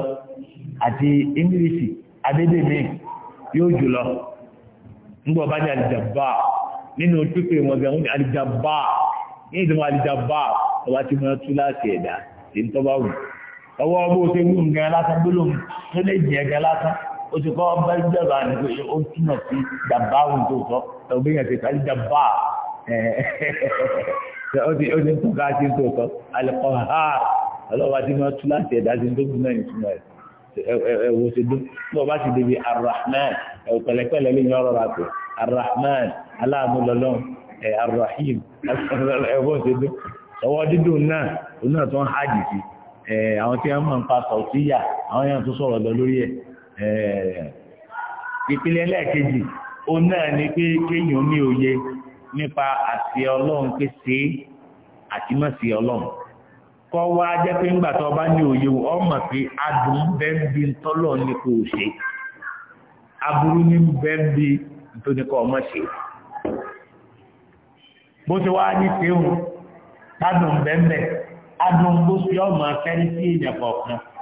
àti English adédèmí yóò jù lọ ńgbọ́ bá ní alìjàmbá nínú pípé wọn bí àwọn alìjàmbá ní ìdánwò alìjàmbá ọba tí wọn tú láti ẹ̀dá tí ń tọ́ bá wù ọwọ́ ọgbó ṣe wù ń gan lásán gbólóhùn tó lè jẹ́ gan lásán ó ti kọ́ bá jẹ́bà ní pé ó túnmọ̀ sí dàbá ohun tó sọ ẹ̀gbẹ́ yẹn ti tàbí dàbá ó ti ń tọ́ka sí tó sọ alẹ́kọ́ ha ọlọ́wà tí wọ́n tú láti ẹ̀dá sí tó gbúná ìtumọ̀ ẹ̀wọ̀ ṣe dún bí wọ́n bá ti débi arrahman ẹ̀wọ̀ pẹ̀lẹ́pẹ̀lẹ́ lè yan ọ̀rọ̀ rà pé arrahman aláàánú lọ́lọ́run ẹ̀ arrahim ẹ̀wọ̀ ṣe dún ọwọ́ dídùn náà òun tó ń hájì sí àwọn tí wọ́n máa ń pa sọ̀tíyà àwọn yẹn tó sọ̀rọ̀ lọ lórí ẹ̀ ìpínlẹ̀ ẹlẹ́ẹ̀kejì o náà ni pé kéèyàn ní òye nípa àṣẹ ọlọ́run pé ṣe àti má ṣe ọlọ́run kọ́ wá jẹ́ pé ńgbà tó bá ní òye ọmọ pé adùn tọ́lọ̀ ní kò ṣe aburú ní tó ní kọ́ ọmọ ṣe bó ti wá ní adùn bó ṣe ọmọ sí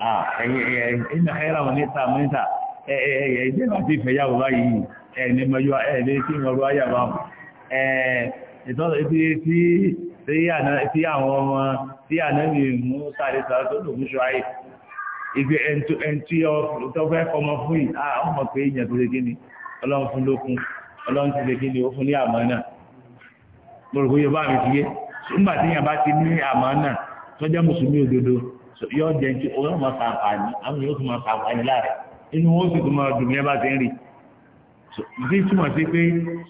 ẹ̀yìn ẹ̀rọ níta mẹ́ta ẹ̀ẹ́dẹ́ bá ti fẹ̀yàwó báyìí ẹ̀ẹ́ni mọ́jọ́ ẹ̀ẹ́dẹ́ tí wọ́n rọ́ àyàbá tí àwọn ọmọ tí ànábì mú sáré sáré tó lòmú ṣọ́ayé ìgbé ẹ̀ntí ọ̀fẹ́ ọmọ fún yìí a ọmọ pé èèyàn tó lè gíní ọlọ́run fún lókun ọlọ́run ti lè gíní ó fún ní àmọ́ náà mo rò pé yorùbá mi fi yé nígbà tí èèyàn bá ti ní àmọ́ náà tó jẹ́ mùsùlùmí òdodo yóò jẹ ní o náà máa sàǹfààní àwọn yóò tún máa inú wọn sì tún máa dùn yẹn bá ti ń rí túmọ̀ sí pé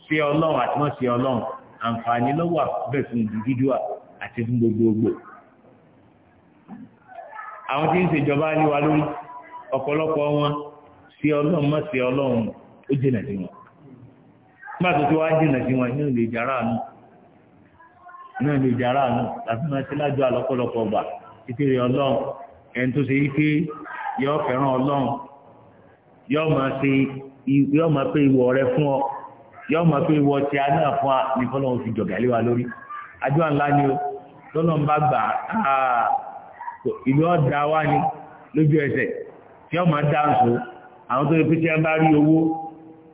ṣe ọlọ́run àti wọ́n ṣe ọlọ́run àǹfààní àti fún gbogbogbò àwọn tí ń ní wa lórí ọ̀pọ̀lọpọ̀ wọn ṣe ọlọ́run má ṣe ọlọ́run ó jìnà sí wọn nígbà tó ti wá jìnà sí wọn inú ìpèrè ọlọ́run ẹni tó ṣe wípé yọ fẹ́ràn ọlọ́run yọ máa ṣe yọ máa pé ìwọ rẹ fún ọ yọ máa pé ìwọ tí a náà fún ọ ní fọlọ́run fi jọ̀gá lé wa lórí àdúrà ńlá ni o lọ́nà bá gbà á ìlú ọ̀dà wa ni lójú ẹsẹ̀ tí ọ máa dáǹso àwọn tó yẹ pé tí a bá rí owó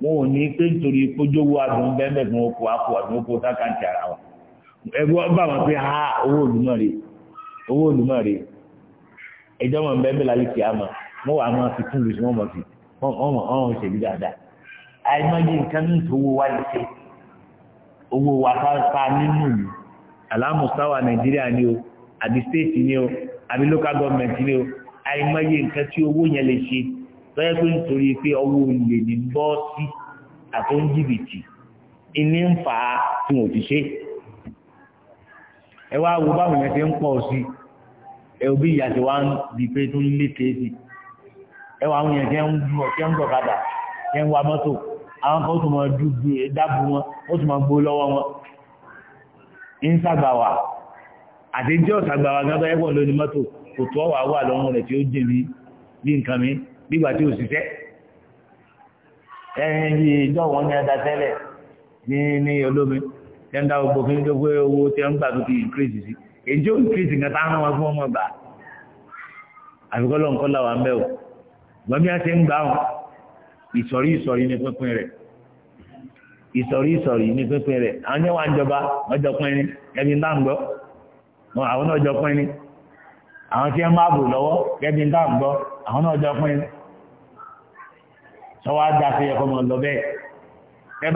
wọn ò ní pé nítorí kójówó adùn bẹ́ẹ̀ bẹ́ẹ̀ fún oko àpò àdúgbò sákàǹtì ara wa ẹgbẹ́ ọba wọn pé ha owó òlù náà rèé owó olùmọ̀ rè ẹjọ́ mọ̀ nbẹ́ bẹ́ẹ̀ lálẹ́ kìá mọ̀ wọ́n wà máa fi kún lùsùn wọ́n mọ̀ sí wọ́n mọ̀ ṣèlú dáadáa àìmọye nǹkan ní ìtò owó wa lè ṣe owó wa pa nínú ìlú alámùsáwà nàìjíríà ni o àbí stéètì ni o àbí local government ni o àìmọye nǹkan tí owó yẹn lè ṣe lọ́yẹ́ pé nítorí pé owó olè ní bọ́ọ̀sì àti oúnjìbìtì ìní ń fà á tí wọn ti ṣe ẹ wá wo báwọn yẹn ti ń pọ̀ sí i ẹ̀rù bí ìyá ti wá ń di pé tó lé kéèsì ẹwà àwọn èèyàn kẹ́ ń gbọ́ kẹ́ ń gbọ̀kadà kẹ́ ń wa mọ́tò àwọn kan ó tún mọ dúdú dábù wọn ó tún mọ gbó lọ́wọ́ wọn ń sàgbàwà àti jẹ́ ọ̀sàgbàwà gán bẹ́ẹ̀ wọ̀n lónìí mọ́tò kò tó ọ̀wà wà lọ́rùn rẹ̀ tí ó increase sí èjò nkìrìtì nǹkan tá a hàn wọn fún ọmọ gbà àfikọ́ lọ́nkọ́ làwọn mẹ́ o gbọ́n bí a ṣe ń gbà wọn ìsọ̀rí ìsọ̀rí ní pínpín rẹ̀ ìsọ̀rí ìsọ̀rí ní pínpín rẹ̀ àwọn yẹn wà ń jọba ńlá ń gbọ́ àwọn náà jọ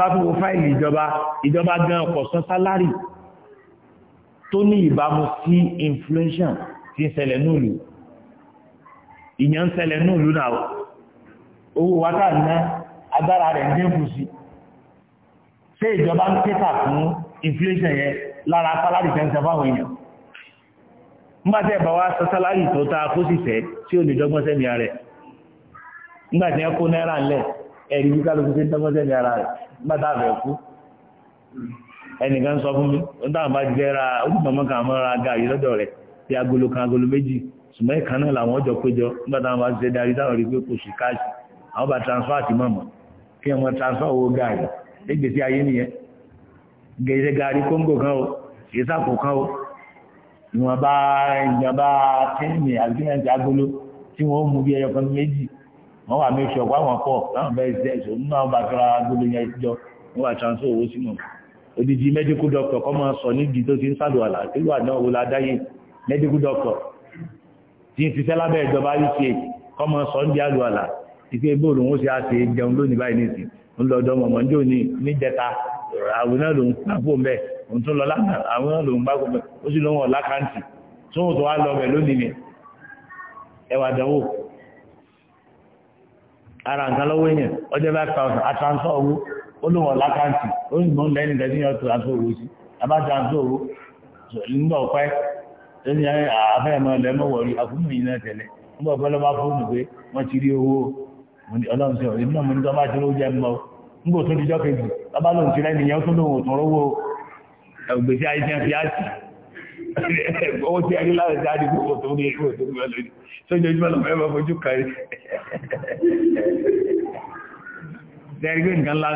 àwọn tí sọ sálárì tó ní ìbámu sí inflation tí ń ṣẹlẹ̀ núùlù ìyẹn ń ṣẹlẹ̀ núùlù náà owó wa tá ná agbára rẹ̀ dínkù sí ṣé ìjọba ń kéta fún inflation yẹn lára sálárì tẹ́ ń sẹ fáwọn èèyàn nígbàtí ẹ̀bà wa sọ sálárì tó ta kó sì fẹ́ tí ò lè dọ́gbọ́n sẹ́mi rẹ̀ nígbàtí ẹ kó náírà ńlẹ̀ ẹ̀rí bí kálukú ṣe ń dọ́gbọ́n sẹ́mi ara rẹ̀ nígbàtí àbẹ̀ kú ẹnìkan sọ fún mi ó dáhùn bá jẹ́ ra olùmọ̀mọ́ kan mọ́ ra lọ́dọ̀ rẹ̀ bí agolo kan agolo méjì ìkan náà làwọn ọjọ́ péjọ nígbà táwọn bá ṣe darí táwọn rí pé kò sí àwọn bá transfer àti mọ̀mọ́ kí wọ́n transfer owó ayé nìyẹn gẹ̀ẹ́sẹ̀ kóńgò kan o ìsàpò kan o ìwọ̀n bá ìjọba tẹ́ẹ̀mì àgbẹ̀yẹ̀ntì agolo tí wọ́n mú bí méjì wọ́n wà mí àwọn pọ̀ láwọn nínú àwọn agolo yẹn jọ wọ́n odidi medical doctor kọ́ máa sọ nídìí tó ti ń sàlùwàlà sílù àná wo la dáyé medical doctor tí ń ṣiṣẹ́ lábẹ́ ìjọba uch kọ́ máa sọ nídìí àlùwàlà ìpé bóòlù wọn ṣe àṣe jẹun lónìí báyìí nìsí ń lọ ọdọọmọ mọ ní òní níjẹta àwọn náà lòún gbàgbó mbẹ òun tún lọ lánàá àwọn náà lòún gbàgbó mbẹ ó sì lóun ọ̀la káǹtì tó ń tó wá lọ bẹ̀ lónìí ni ẹwà dánwò ara nǹkan lọ́wọ́ èèyàn ọjọ́ bá ta ọ̀sán àtàǹsọ̀ owó olówó lákàntì olùmọ̀ lẹ́yìn ìgbẹ́ níyàn tó àtó sí abájọ nígbà ọ̀pẹ́ lẹ́ni àfẹ́mọ̀ lẹ́mọ̀wọ̀rí àfúnmù yìí náà tẹ̀lé nígbà ọ̀pẹ́ lọ́ba fóònù pé wọ́n ti rí owó ọlọ́run sí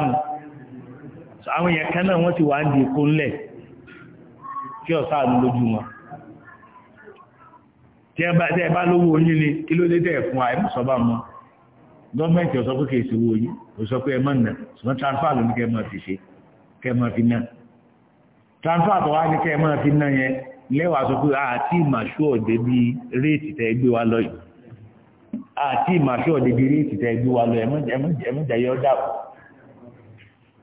àwọn èèyàn kan náà wọ́n ti wà ń di èkó ńlẹ̀ kí ọ̀sá àlú lójú wọn tí ẹ bá lówó oyún ni kí ló lé dẹ̀ fún àìmọ̀sọ́bà mọ́ gọ́ọ̀mẹ̀ntì ọ̀sọ́ pé kèsì owó yìí ó sọ pé ẹ mọ̀ nà ṣùgbọ́n transfer ló ní kẹ́ máa fi ṣe kẹ́ máa fi ná transfer tó wá ní kẹ́ máa fi ná yẹn lẹ́wàá sọ pé àti ìmàṣú ọ̀dẹ́ bí réètì tẹ́ gbé wa lọ yìí àti ìmàṣú ọ̀dẹ́ bí réètì tẹ́ gbé wa lọ ẹ̀mọ́jẹ́ yọ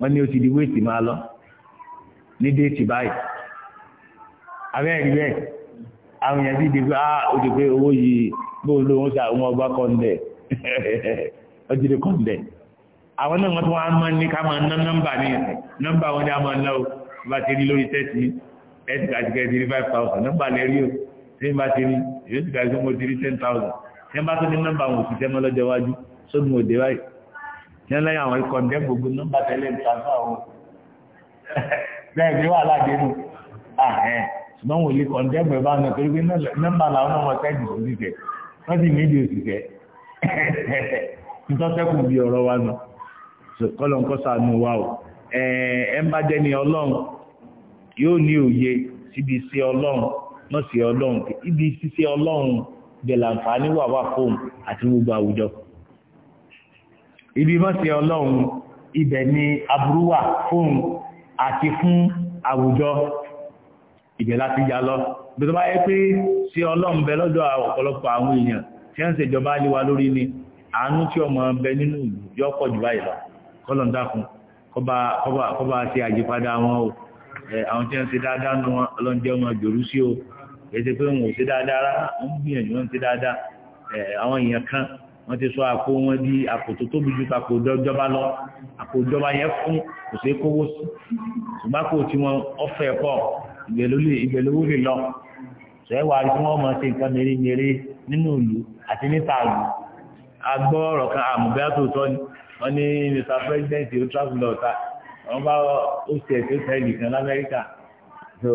wọ́n ní ó ti di wéètì máa lọ ní déètì báyìí abẹ́rẹ́ bẹ́ẹ̀ àwọn èèyàn sì di pé ah ó ti pé owó yìí bóun ló ń sa àwọn ọgbà kọ́ńdẹ̀ ó ti di kọ́ńdẹ̀ àwọn náà wọ́n tún wá máa ní ká máa ná nọ́mbà ní nọ́mbà wọn ni a máa ná o bá ti rí lórí tẹ́sí ẹ̀sì kàtìkẹ́ ti rí five thousand nọ́mbà lè rí o tí n bá ti rí yóò sì mo ti rí ten thousand tí n bá tó ní nọ́mbà wọn ò sì tẹ́ mọ́ lọ́jọ́ iwájú sódùn òde báyìí yẹn lẹ́yìn àwọn ikọ̀ ǹdẹ́ gbogbo nọ́mbà tẹ́lẹ̀ ìtàfà o bẹ́ẹ̀ ni wà ládé nù ààrẹ ṣùgbọ́n wò lè kọ̀ ǹdẹ́ gbẹ̀ bá nà torí pé nọ́mbà làwọn ọmọ sẹ́ẹ̀dì òṣìṣẹ́ wọ́n sì ní ìdí òṣìṣẹ́ nítọ́sẹ́kù bí ọ̀rọ̀ wa nù kọ́lọ̀ ń kọ́ sànù wa o ẹ ń bá jẹ́ ni ọlọ́run yóò ní òye síbi iṣẹ́ ọlọ́run náà sí ọlọ́run ibi iṣẹ́ ọlọ́run bẹ̀lẹ̀ wà wà fóun àti gbogbo àwùjọ ibi mọ́sí ọlọ́run ibẹ̀ ni aburú wà fóun àti fún àwùjọ ibẹ̀ láti yá lọ bí tó bá yẹ pé sí ọlọ́run bẹ lọ́dọ̀ ọ̀pọ̀lọpọ̀ àwọn èèyàn tí ń ṣèjọba aliwa lórí ni àánú tí ọmọ bẹ nínú ìlú yọ pọ̀ jù báyìí lọ kọ́lọ̀n dákun kọ́ba ṣe àyípadà wọn o àwọn tí ń ṣe dáadáa nu wọn ọlọ́njẹ́ pé wọn ò ṣe dáadáa rárá wọn gbìyànjú wọn ṣe dáadáa àwọn èèyàn kan wọ́n ti sọ àpò wọn di àpò tó tóbi ju àpò ìjọba lọ àpò ìjọba yẹn fún kò sí kówó sí ṣùgbọ́n kò tí wọn ọ̀fẹ́ pọ̀ ìgbèlówó lè lọ ṣẹ́wà tí wọ́n mọ̀ sí nǹkan mèremère nínú ìlú àti níta ìlú agbọ́ ọ̀rọ̀ kan àmùbẹ́ tó tọ́ ni wọ́n ní mr president ó travel ọ̀tá wọ́n bá hostel tó tẹ́lì kan lamẹ́ríkà so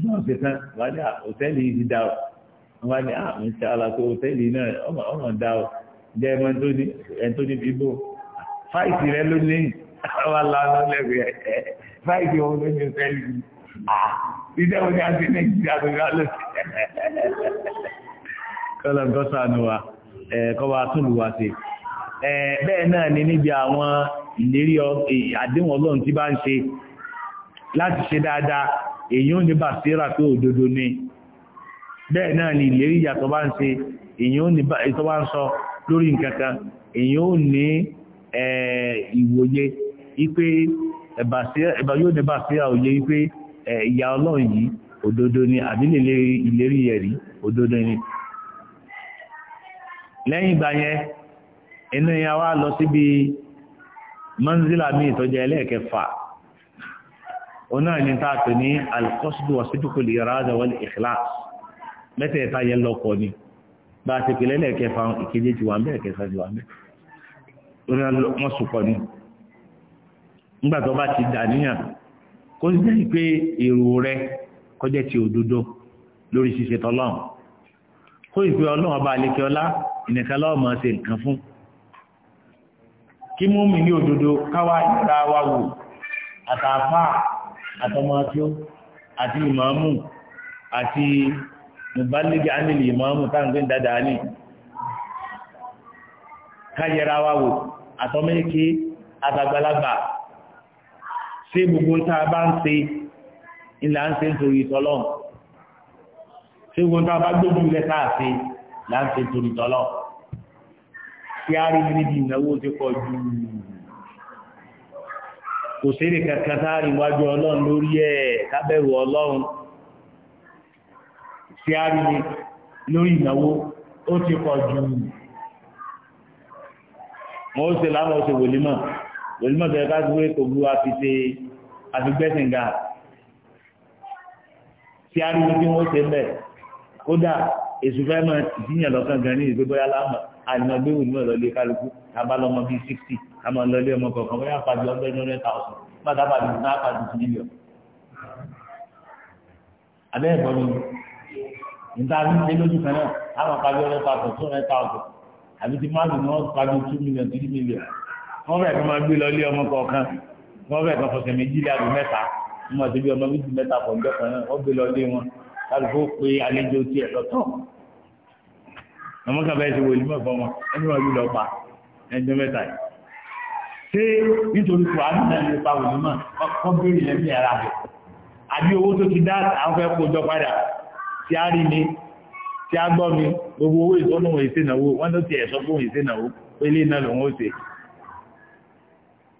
ní ọ̀sẹ̀ kan wọ́n ní hòtẹ́ẹ̀lì yìí ti dá o wọ́n bá ní ah mr alaso hòtẹ́ẹ̀lì náà ọmọ dá o jẹ́mọ́ tó ní bíbò fáìsì rẹ ló ní àwọn aláàlọ́lẹ́gbẹ̀ẹ́ fáìsì ohun ló ní sẹ́lì ìdẹ́ òní àti nàìjíríà tó yá ló kọ́lọ̀ ń gọ́sà nù wa kọ́wà tó lù wá sí bẹ́ẹ̀ náà ni níbi àwọn ìlérí àdéhùn ọlọ́run tí bá ń ṣe láti ṣe dáadáa èyàn ní bàṣírà pé òdodo ni bẹ́ẹ̀ náà ni ìlérí ìyàtọ̀ bá ń ṣe èyàn ní bá ń sọ lórí nǹkankan èyàn ò ní ìwòye wípé ẹ̀bà yóò ní bá sí àwòye wípé ìyà ọlọ́run yìí òdodo ni àbílẹ̀ ìlérí ẹ̀rí òdodo ni lẹ́yìn ìgbà yẹn inú ya wá lọ síbi manzila mi ìtọ́jẹ́ ẹlẹ́ẹ̀kẹfà oná ní tààtò ní alkọ́sùdù wàsídùkú ikhlas mẹ́tẹ̀ẹ̀ta yẹn lọ́kọ̀ọ́ bá a ṣe pèlè lẹ́ẹ̀kẹfà ìkéde ti wà ń bẹ́ẹ̀ kẹfà ti wà ń bẹ́ẹ̀ wọ́n sùpọ̀ ni nígbà tó bá ti dà níyàn kó sì jẹ́ pé èrò rẹ kọjá ti òdodo lórí ṣíṣe tọ́lọ́run kó ìpè ọlọ́run ọba àlekè ọlá ìnìkan lọ́wọ́ máa ṣe nǹkan fún kí mú mi ní òdodo káwá ìra wa wò àtàfà àtọmọ àti ìmọ̀ọ́mù àti nùbálẹ́gì ánìlì ìmọ̀ọ́mù táǹgbé ń dáadáa ní káyẹra wa wò àtọ́mẹ́kì àtàgbàlagbà ṣé gbogbo ń tá a bá ń ṣe ilà ń ṣe nítorí tọ́lọ́ ṣé gbogbo ń tá a bá gbógun ilẹ̀ tá a ṣe là ń ṣe nítorí tọ́lọ́ kí ti pọ̀ jù kò sí èrè kankan tá a ọlọ́run lórí ẹ̀ kábẹ̀rù ọlọ́run tí a rí lórí ìnáwó ó ti pọ̀ jù wọn ó ṣe láwọn oṣù wòlímọ̀ wòlímọ̀ tó yẹ ká gbé kò bu àfìṣe àfigbẹ́sìngà tí a rí ní kí wọ́n ṣe ń bẹ̀ kódà èsù fẹ́ mọ ìdíyàn lọ́kàn gan ní ìgbé bóyá láàmú àìmọ̀ gbé wòlímọ̀ lọ́lé kálukú abalọ́mọ bíi sixty àmọ́ lọ́lé ọmọ kọ̀ọ̀kan bóyá pàdé ọgbẹ́ ní ọ̀rẹ́ thousand pátá pàdé náà pàdé two million abẹ́ ẹ̀kọ́ níta ní ilé lójú kan náà àwọn pàbí ọ̀rẹ́ pàtó two hundred thousand àbí ti máàlù ni wọ́n pàbí two million three million wọ́n bẹ̀rẹ̀ kan máa gbé lọ ilé ọmọ kọ̀ọ̀kan wọ́n bẹ̀rẹ̀ kan fọ̀sẹ̀ méjì lé àbí mẹ́ta wọ́n máa ti bí ọmọ méjì mẹ́ta pọ̀ ńjọ́ kan náà wọ́n gbé lọ ilé wọn kálukó pé àlejò tiẹ̀ lọ́tọ̀ ọmọ kan bẹ́ẹ̀ ṣe wò ìlú mẹ́fọ́ wọn ẹni wọn lù lọ pa ẹjọ́ mẹ́ta yìí ṣé nítorí kò á nílẹ̀ ní ipa òní mọ̀ wọ́n béèrè lẹ́mí ara rẹ̀ àbí owó tó ti dá àwọn fẹ́ kó jọ padà tí a rí mi tí a gbọ́ mi gbogbo owó ìtọ́nù èsè náwó wọ́n tó ti ẹ̀sọ́ fún èsè náwó pé ilé lòun ó ṣe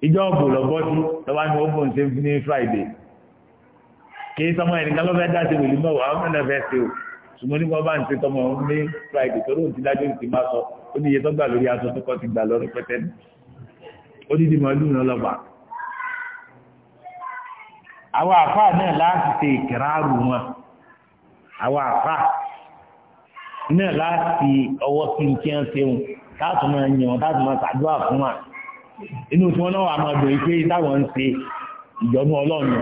ìjọ ọ̀bù lọ́gbọ́ sí lọ́wọ́ ni ó bùn ṣe ní Friday kì í sọmọ ẹnìkan ló fẹ́ dá sí wèlú mọ́ wàá fẹ́ fẹ́ ṣe o ṣùgbọ́n nípa bá ń ṣe tọmọ ní Friday tó lóun ti dájú ti máa sọ ó ní iye tó gbà lórí aṣọ tó kọ́ ti gbà lọ́rọ̀ pẹ́tẹ́ àwọn àfáà náà láti ṣe ìkẹ́rà àrùn wọn àwọn àfà náà láti ọwọ́ sí kí wọ́n ṣe wọn táàtù máa yàn wọn táàtù máa ṣàdúrà fún wa inú tí wọ́n náà wà máa dùn pé táwọn ń ṣe ìjọ̀nú ọlọ́run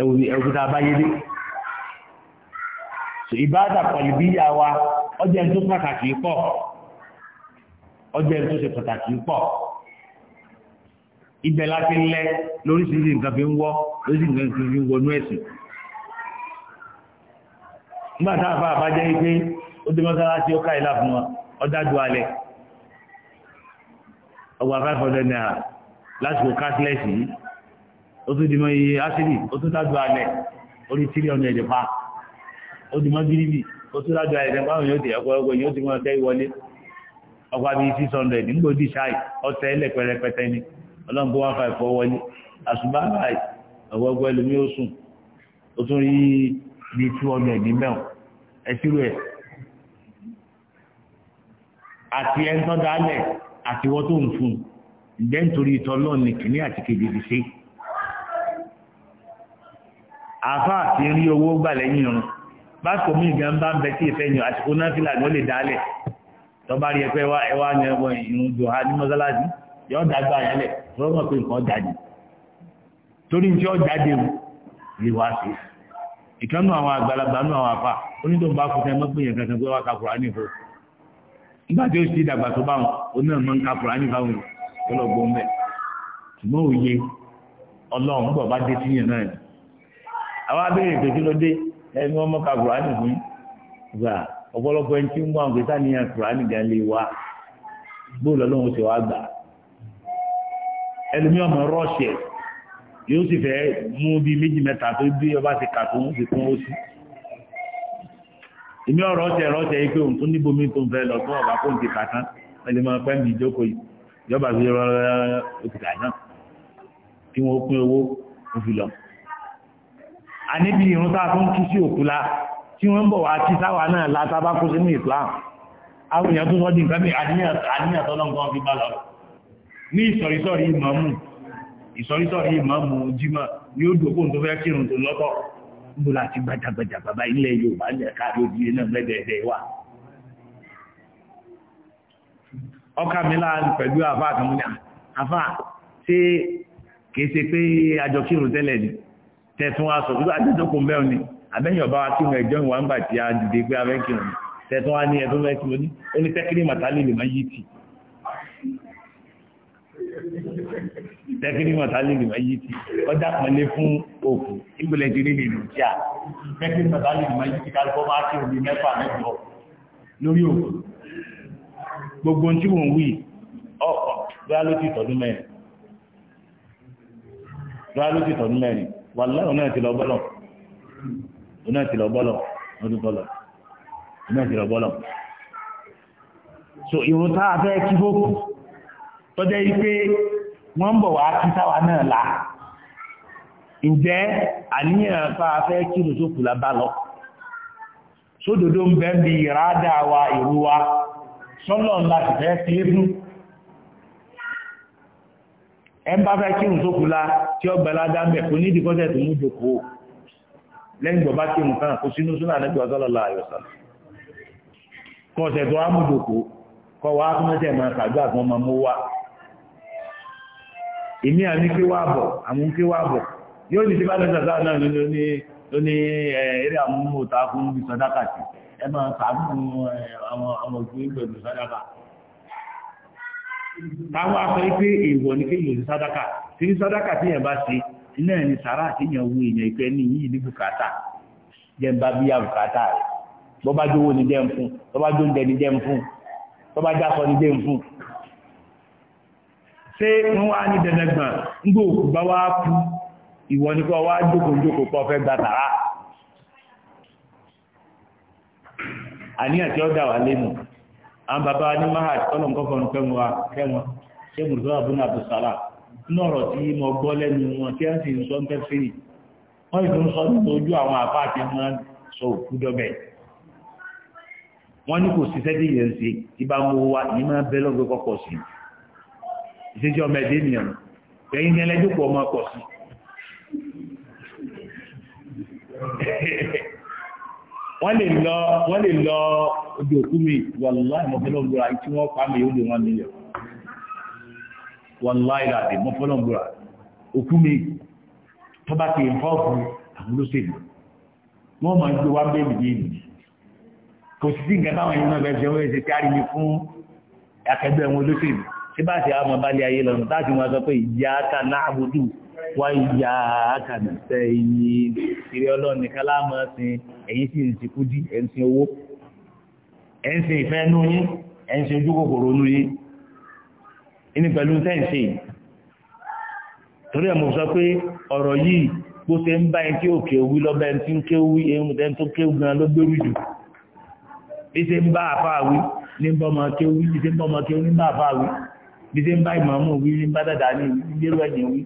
ẹ̀wù tá a bá yé dé ìbáàdà pọ̀lìbíyà wa ọjọ́ ẹni tó pàtàkì pọ̀ ọjọ́ ẹni tó ṣe pàtàkì pọ̀ ibẹ̀ láti lẹ lóríṣiríṣi nǹkan fi ń wọ́ lóríṣiríṣi nǹkan fi ń wọnú ẹ̀sìn nígbà tá àfà àbá jẹ́ pé ó dé mọ́sálásí ó káìlá fún wọn ọdájú alẹ̀ ọgbà five hundred naira lásìkò cashless yìí ó tún dìmọ̀ iye ásìlì ó tún dájú alẹ̀ orí tírí ọ̀nà èdè pa ó dìmọ̀ gíríbì ó tún dájú alẹ̀ nípa àwọn yóò tẹ̀ ọ̀pọ̀lọpọ̀ yóò ti mọ̀ ọ̀tẹ́ ìwọlé ọgbà bíi six hundred nígbò dì ṣáì ọ̀tẹ́ ilẹ̀ pẹrẹpẹtẹ ni ọlọ́run bó one five four wọlé àṣùbá láì ọ̀gbọ̀gbọ̀ ẹlòmí ó sùn ó tún rí bíi two hundred ní mẹ́wọ̀n ẹ̀sìrò ẹ̀ àti ẹ̀ ń tọ́ dálẹ̀ àti wọ́n tó ń fún ǹjẹ́ nítorí ìtọ́ lọ́ọ̀ ní kìíní àti kejì fi ṣe àfa àti rí owó gbà lẹ́yìn irun báṣọ mi ìgbà ń bá ń bẹ sí ìfẹ́ yàn àsìkò náà fìlà ni ó lè dálẹ̀ tọ́ba rí ẹgbẹ́ wa ẹwà ni ẹwọ ìrùn jò ha ní mọ́sálásí yọ dàgbà yẹn lẹ̀ pé nǹkan jáde torí ní tí ó jáde ìwà sí ìkànnù àwọn àgbàlagbà nù àwọn àfa onídòun bá kú sẹ́yìn mọ́gbìyàn kankan pé wá ka Kùránì fún nígbà tí ó sì dàgbà tó bá wọn ó náà mọ́ ń ka Kùránì fáwọn ọlọ́gbọ́n mẹ́ ṣùgbọ́n òye ọlọ́run bọ̀ bá dé síyàn náà ni àwọn abẹ́rẹ́ ìpè kí ló dé ẹni wọ́n mọ́ ka Kùránì fún gbà ọ̀pọ̀lọpọ̀ ẹni tí ń wá nǹkan sáníyàn Kùránì gan lè wá bóòlù ọlọ́run ṣe wá gbà ẹlòmíràn mọ̀ rọ́ọ̀ṣẹ̀ yóò sì fẹ́ mú bíi méjì mẹ́ta tó bí ọba ti kà tó ń fi kún ó sí èmi ọ̀rọ̀ ọ̀tẹ̀ ẹ̀rọ ọ̀tẹ̀ yìí pé òun tún níbo mi tó ń fẹ́ lọ fún ọ̀bà kó ń ti kà tán ẹni máa pẹ́ mi ìjókòó yìí ìjọba fi rọ ó ti kà náà kí wọ́n pín owó ó fi lọ. àníbi irun tá a tún kí sí òkú la tí wọ́n ń bọ̀ wá kí sáwa náà la tá a bá kó sínú Islam àwọn èèyàn tó sọ di nǹkan bí àníyàn tọ́lọ́ nǹkan fi bá lọ. ní ìsọ̀rísọ̀rí ìmáàmù níbo láti gbajàgbajà bàbá ilẹ̀ Yorùbá ní ẹ̀ka lójú iná mẹ́dẹ̀ẹ̀dẹ̀ wà. ọkà mi láàrín pẹ̀lú àfà àtàmúnà àfà ṣé kìí ṣe pé àjọ kírun tẹ́lẹ̀ ni tẹ̀sùn wa sọ fún àjọjọpọ̀ mẹ́rin ni àbẹ́yìn ọba wa kírun ẹ̀jọ́ ìwà ń bà tí a dìde pé abẹ́ kírun ni tẹ̀sùn wa ní ẹ̀dún mẹ́rin kírun ó ní tẹ́kínì màtálì lè má yí tì tẹ́kínímọ̀ tálílì máyí ti ọjà pẹ̀lẹ́ fún òkú ìgbẹ̀lẹ̀ ti rí nìlú tí a tẹ́kínímọ̀ tálílì máyí ti kálùkọ́ máa kí omi mẹ́fà mẹ́jọ lórí òkú gbogbo tí wọ́n wí ọkọ̀ bóyá ló ti tọdún mẹ́rin bóyá ló ti tọdún mẹ́rin wà lọ́rùn náà ti lọ bọ́lọ̀ náà ti lọ bọ́lọ̀ lọ́dún bọ́lọ̀ ti lọ bọ́lọ̀ so ìrùn tá fẹ́ kí fókù tọ́jẹ́ yìí wọ́n ń bọ̀ wá kí sáwa náà la ǹjẹ́ àníyàn fa afẹ́ kírun tó kù lábá lọ sódòdó ń bẹ́ bí ìrádà wa ìrú wa sọ́lọ̀ láti fẹ́ sílé fún ẹ ń bá fẹ́ kírun tó kù la tí ó gbẹ ládá ń bẹ̀ kó ní ìdíkọ́sẹ̀ tó mú jòkó lẹ́yìn gbọ́ bá kírun kan kó sínú súnà níbi ọ̀sọ́lọ́lá àyọ̀sán kọ́ọ̀sẹ̀ tó á mú jòkó kọ́ wa á mẹ́sẹ̀ máa kàgbà kan máa mú wa èmi àmì kí wá bọ̀ àmú kí wá bọ̀ yóò ní sípá lẹ́sàtà náà ló ní eré àmúmọ̀ta fún bí sọ́dáka sí ẹ máa sàánú àwọn òfin pẹ̀lú sọ́dáka táwọn afẹ́ pé èèwọ̀ ní kéyìn òsì sọ́dáka tí ní sọ́dáka tí yẹn bá ṣe iná ẹni sàrá àti yẹn wo èèyàn ìpẹ́ ní yìí ní bùkátà jẹ́ ń bá bíyà bùkátà rẹ̀ bọ́bá jówó ni jẹ́ ń fún bọ́bá jóúnjẹ ni jẹ́ ń fún bọ́bá jásọ ni jẹ́ ń fún ṣé wọ́n wá ní dẹ̀dẹ̀gbọ̀n ńgbò òkú bá wá kú ìwọ ní kọ́ wá jókòójókòó pọ̀ fẹ́ gba tàrá àníyàn tí ó dà wà lẹ́nu àwọn bàbá ní mahad ọlọ́nkọ́ fọ́nù kẹ́wọn mùsùlùmí abúlé abdulsalam ní tí mo gbọ́ lẹ́nu wọn tí wọ́n sì ń sọ ń tẹ́ fèrè wọ́n ìfún sọ nínú ojú àwọn àpá àti ẹ̀mọ́ sọ òkú dọ́bẹ̀ wọ́n ní kò sí sẹ́dí ìyẹn ṣe ìbámu wa ìyẹn máa bẹ́ lọ́gbẹ́ kọ́kọ́ sí i ìṣẹ́jọ́ ọmọ ẹ̀dẹ́ ènìyàn ẹ̀yìn ní ẹlẹ́jọ́pọ̀ ọmọ ọkọ̀ sí wọ́n lè lọ wọ́n lè lọ ojú òkú mi wàlúwà ìmọ̀fẹ́lọ́gbùra tí wọ́n pa mi ó lè wọ́n nílẹ̀ wàlúwà ìlàdì mọ́fẹ́lọ́gbùra òkú mi tó bá ti ìfọ́ọ̀fù àwọn olóṣèlú wọ́n máa ń gbé wá bẹ́ẹ̀ bìí nìyí kò sí sí nǹkan táwọn èèyàn náà fẹ́ ṣe wọ́n ṣe kárí mi fún akẹgbẹ́ wọn olóṣèlú ibá ti àwọn ọmọbalẹ̀ ayé lọ́nà láti wọ́n sọ pé iyyaka na'budu wa iyyaka nasta'in ìrẹ́ ọlọ́run nìkan la máa sìn ẹ̀yin sì ń sin kúdí ẹ̀ ń sin owó ẹ̀ ń sin ìfẹ́ nú yín ẹ̀ ń sin ojú kòkòrò nú yín ní pẹ̀lú sẹ́ǹsì torí ẹ̀ mo sọ pé ọ̀rọ̀ yìí bó ṣe ń bá ẹ ẹni tí ń ké ní bọ́mọ ké wí ní bá àfáà bí ṣe ń bá ìmọ̀ọ́mù wí ní bá dàdà ní ìgbérú ẹ̀yìn wí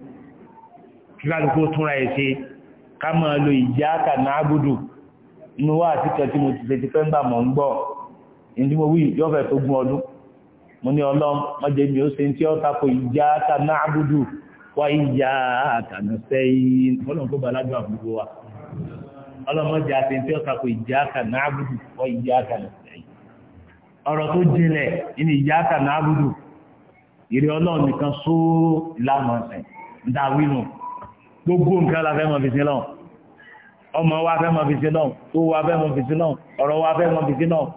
kí kálukú túnra ẹ̀ ṣe ká máa lo ìjà kàná agudu inú wa àti kẹtí mo ti fetí fẹ́ǹbà mọ̀ ń gbọ́ ìdí mo wí tó gún ọdún mo ní ọlọ́m mi ó tí tako kàná agudu wá kàná sẹ́yìn ìrẹ́ ọlọ́run nìkan só ìlànà ọ̀sẹ̀ dá wínú gbogbo nǹkan la fẹ́ mọ̀ fi sí lọ́wọ́ ọmọ wa fẹ́ mọ̀ fi sí lọ́wọ́ tó wa fẹ́ mọ̀ fi sí lọ́wọ́ ọ̀rọ̀ wa fẹ́ mọ̀ fi sí lọ́wọ́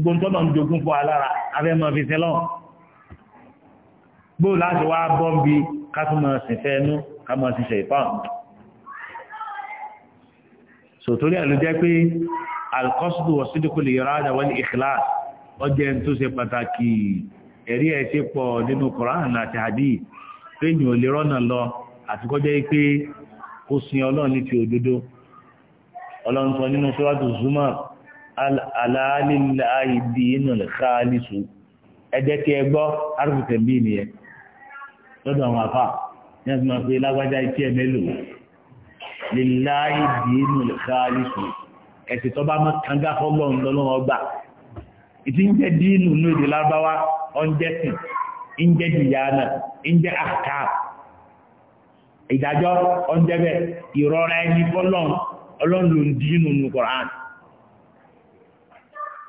gbogbo ntọ́nà ń jogún fún alára afẹ́ mọ̀ fi sí lọ́wọ́ gbóò láti wá bọ́ bí kátùmọ̀ sìnfẹ́ ẹnu kámọ̀ síṣẹ́ ìfọ́n sòtórí ẹ̀ ló jẹ́ pé alkọ́sùdù wọ̀sídìkú lè yọrọ̀ àdáwọ́lì ìkìláàsì ọjẹ́ tó ṣe pàtàkì ẹ̀rí ẹ̀ ṣe pọ̀ nínú Kùránì àti hadith péyìn ò lè rọ́nà lọ àti kọjá pé ó sin ọlọ́run ní ti òdodo ọlọ́run nínú Suratu Zumar aláàlíláàyè inú ẹjẹ́ ẹ gbọ́ inú bá mọ́ ìtí ń jẹ́ ní èdè lárúbáwá ọ̀njẹ́ sìn ìjẹ́ dìyànà ìjẹ́ àkà ìdájọ́ ọ̀njẹ́ bẹ́ẹ̀ ìrọ̀rẹ́ ẹni fọ́lọ́n ọlọ́run dínú nù Qur'an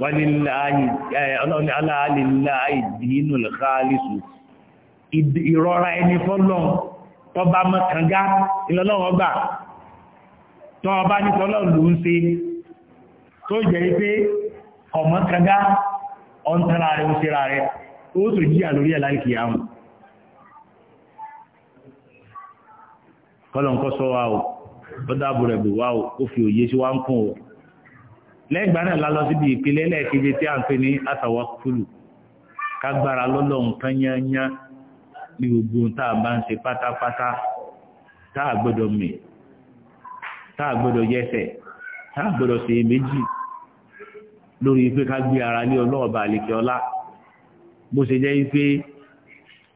wàlíláàyè dínú lẹ́kàálìsù ìrọ̀ra ẹni fọ́lọ́n tọba mọ́kànga ìlọ́lọ́wọ́ gbà tọba ní tọ́lọ́run ló ń ṣe tó jẹ́ pé ọmọkànga ọ̀ntara rẹ̀ ń rẹ̀ ó tún jíyà lórí ẹ̀ láìkì àwọn kọ́lọ̀nkọ́ sọ wa o ó dáàbò wa o ó fi òye sí ń kún o lẹ́gbà náà lálọ síbi tí a ń pè ní àtàwákùlù kágbára lọ́lọ́ nǹkan yányá ní gbogbo tá a bá ń ṣe pátápátá tá a gbọ́dọ̀ mì tá a gbọ́dọ̀ yẹsẹ̀ tá a gbọ́dọ̀ ṣe méjì lórí bó ṣe jẹ́ wípé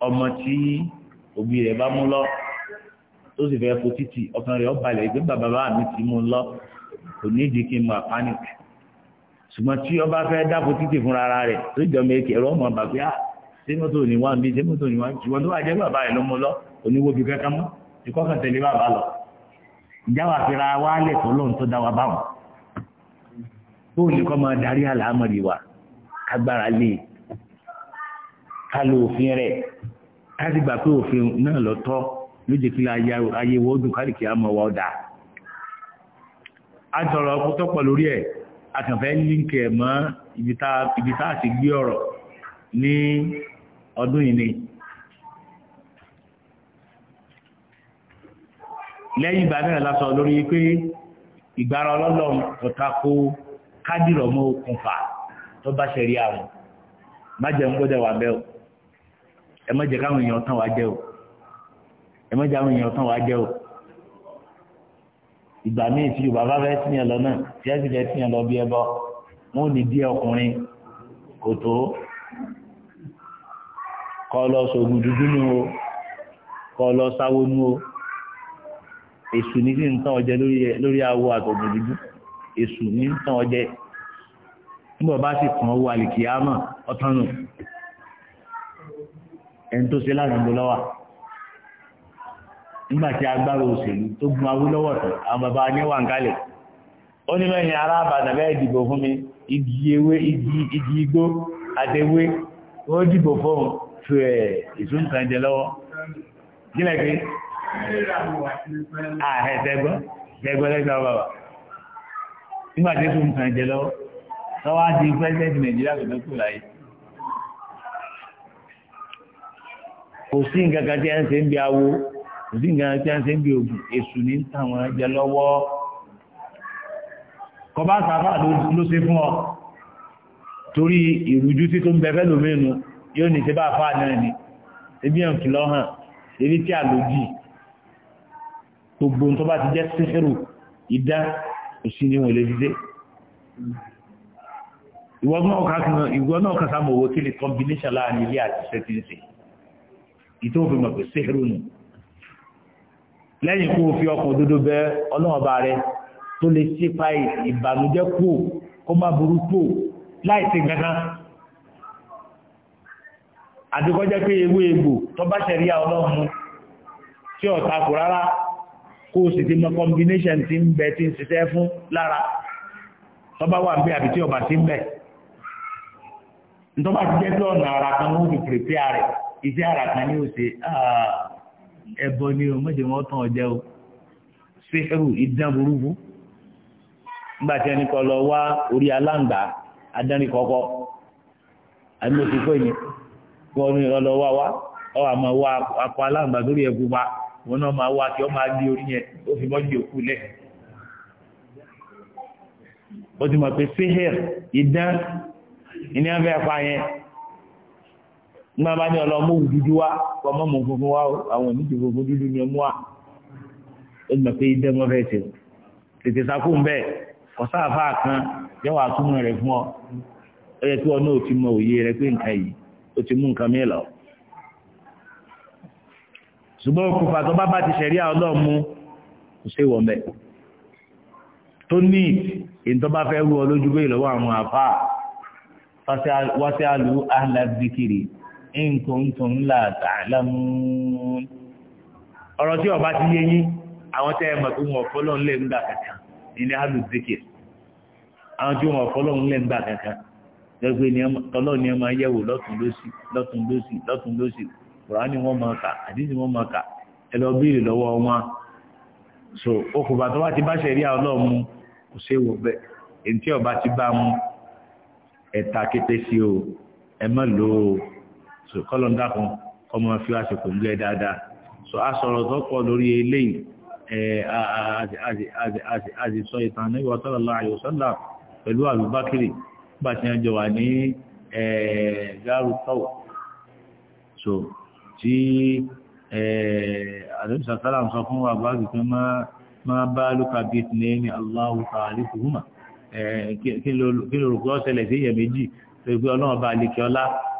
ọmọ tí òbí rẹ̀ bá mú lọ tó sì fẹ́ fo títì ọkàn rẹ̀ ó balẹ̀ pé bàbá bá mi ti mú lọ kò ní ìdí kí n máa panic ṣùgbọ́n tí ọba fẹ́ dáàbò títì fúnra ara rẹ̀ tó jọ mẹ́kì ẹ̀rọ ọmọ bàbá à ah, ṣé mọ́tò ní wá mi ṣé mọ́tò ní wá mi ṣùgbọ́n tó bá jẹ́ bàbá rẹ̀ ló mú lọ oníwó bí kankan mọ́ ikọ́ kan tẹ̀lé bàbá lọ ìjà wà fira wa lẹ̀ tó lóun tó dá wa báwọn bóun ní kọ́ máa darí àlàámọ̀rí wa kágbára lé e ká lo òfin rẹ̀ ká sì gbà pé òfin náà lọ tọ́ ló jẹ́ kí ayé wo dùn káàkiri kí á mọ̀ wá ọ̀dà a sọ̀rọ̀ ọkùn tọ́pọ̀ lórí ẹ̀ a kàn fẹ́ líǹkì ẹ̀ mọ́ ibi tá a ti gbé ọ̀rọ̀ ní ọdún yìí ni lẹ́yìn ìgbà náà la sọ lórí pé ìgbára ọlọ́lọ́run ọ̀ta kó kádìrọ̀ mọ́ okùnfà tó bá ṣẹ̀rí àwọn májẹ̀mú gbọ́dọ̀ wà bẹ́ẹ̀ ẹ má jẹ́ káwọn èèyàn tán wá jẹ́ o ẹ má jẹ́ káwọn èèyàn tán wá jẹ́ o ìgbà míì tí yorùbá bá fẹ́ tìyàn lọ náà tí ẹ sì fẹ́ tìyàn lọ bí ẹ bọ́ wọn ò ní díẹ̀ ọkùnrin kò tó kọ́ lọ sògùn dúdú nu o kọ́ lọ sáwó nu o èṣù ní sí ń tán ọjẹ lórí awo àtọ̀gbọ̀n dúdú èṣù ní ń tán ọjẹ nígbà bá sì kàn owó àlìkìyàmọ̀ ọ̀tán nù ẹni tó ṣe lánàá ló lọ́wà nígbà tí agbára òṣèlú tó gun awú lọ́wọ́ tán àwọn bàbá ní wà ń kálẹ̀ ó ní mẹ́yìn ará àbàdàn bẹ́ẹ̀ dìbò fún mi igi ewé igi igi igbó àtẹwé ó dìbò fún fún ẹ̀ ìsúnkànjẹ lọ́wọ́ gílẹ̀ pé ààrẹ tẹgbọ́ tẹgbọ́ lẹ́gbọ́ bàbá nígbà tí ìsúnkànjẹ lọ́wọ́ lọ́wọ́ di pẹ́sẹ́ntì nàìjíríà kò láyé kò sí nǹkan kan tí a ń ṣe ń bi awo kò sí nǹkan kan tí a ń ṣe ń bi ògùn èṣù ní táwọn jẹ lọ́wọ́ kọba sáfà ló ṣe fún ọ torí ìrújú tí tó ń bẹ̀fẹ́ lómìnú yóò ní tẹ́bà fà náà ni ebi ẹ̀ ń fi lọ́hàn ebi tí a lò jì gbogbo tó bá ti jẹ́ sífẹ́rù ìdá òsì ni wọ́n lè dìde ìwọ náà kásán owó kí ni combination láàrin ilé àti ṣẹ́tíǹsì ìtò mọ̀ pé sèhérù nù lẹ́yìn kó o fi ọkàn òdodo bẹ ọlọ́wọ́n rẹ tó lè ṣípa ìbànújẹ́ kú kó má burú kú láì sí gangan àdìkọ́jẹ́ pé ewé egbò tó bá ṣẹ̀rí tí ọ̀ta kò rárá kó sì ti mọ ọba ti ń bẹ ara kan iṣẹ́ ara kan ní òṣè ah, ẹbọ ni o méje wọn tàn ọjẹ o ṣéhẹ́rù ìdán burúkú nígbà tí ẹnì kan lọ wá orí aláǹgbá adánì kọ́kọ́ àmì òsì pé ni wọn ní lọ wá wá ọ wà máa wá akọ aláǹgbá lórí ẹ̀kú wa wọn náà máa wá kí ọ máa gbé orí yẹn ó fi mọ́ di òkú lẹ̀ ó ti mọ̀ pé ṣéhẹ́rù ìdán ìní abẹ́ apá yẹn ní wọn bá ní ọlọmọ òwú dúdú wa kọ mọ mọ funfun wa àwọn oníjì funfun dúdú ni ọmú wa ó gbà pé idẹ wọn fẹẹ tẹ tètè sakó ń bẹ kọsáàfà kan yẹ wàá túmọ̀ rẹ̀ fún ọ ó yẹ kí wọn náà ti mọ òye rẹ̀ pé nǹkan yìí ó ti mú nǹkan mìíràn ṣùgbọ́n òkùnfà tó bá bá ti ṣẹ̀rí ọlọ́mú kò sí ìwọ̀n bẹ̀ tó ní ìntọ́bá fẹ́ rú ọ lójú bẹ́ ìlọ́wọ́ àwọn àfáà wá sí àlú ahlazikiri in kuntum la ta'lamun ọ̀rọ̀ tí ọba ti yé yín àwọn tẹ́ ẹ mọ̀ pé wọn ọ̀fọ́lọ́ ń lè ń gbà kankan ilé alu zikir àwọn tí wọn ọ̀fọ́lọ́ ń lè ń gbà kankan gbẹgbẹ ni ọlọ́run ni ẹ máa yẹ̀wò lọ́tún lósì lọ́tún kùrán ni wọ́n máa kà àdìsí wọ́n máa kà ẹ lọ bíìrì lọ́wọ́ wọn so okùnfà tó bá ti bá ṣẹ̀rí àwọn ọlọ́run mu kò séwò bẹ́ẹ̀ èyí tí ọba ti bá mu ẹ̀ta kété sí o ẹ mọ̀ lóo so kọ́lọ̀ ń dákun ọmọ fi wá ṣe kò ń gẹ́ dáadáa so a sọ̀rọ̀ tó pọ̀ lórí eléyìí a sì sọ ìtàn ní ìwọ sallallahu alaihi wasallam pẹ̀lú àlùbákìrì nígbà tí wọ́n jọ wà ní gáàrú tọ́wọ̀ so tí àdébísà sálà ń sọ fún wa bá gbé máa bá lóka bíi tìǹẹ́ ní Allahu ta'alifuhuma kí ló rò pé ọ̀sẹ̀ lẹ̀ sí ìyẹ̀ méjì pé ọlọ́run bá lè kí ọlá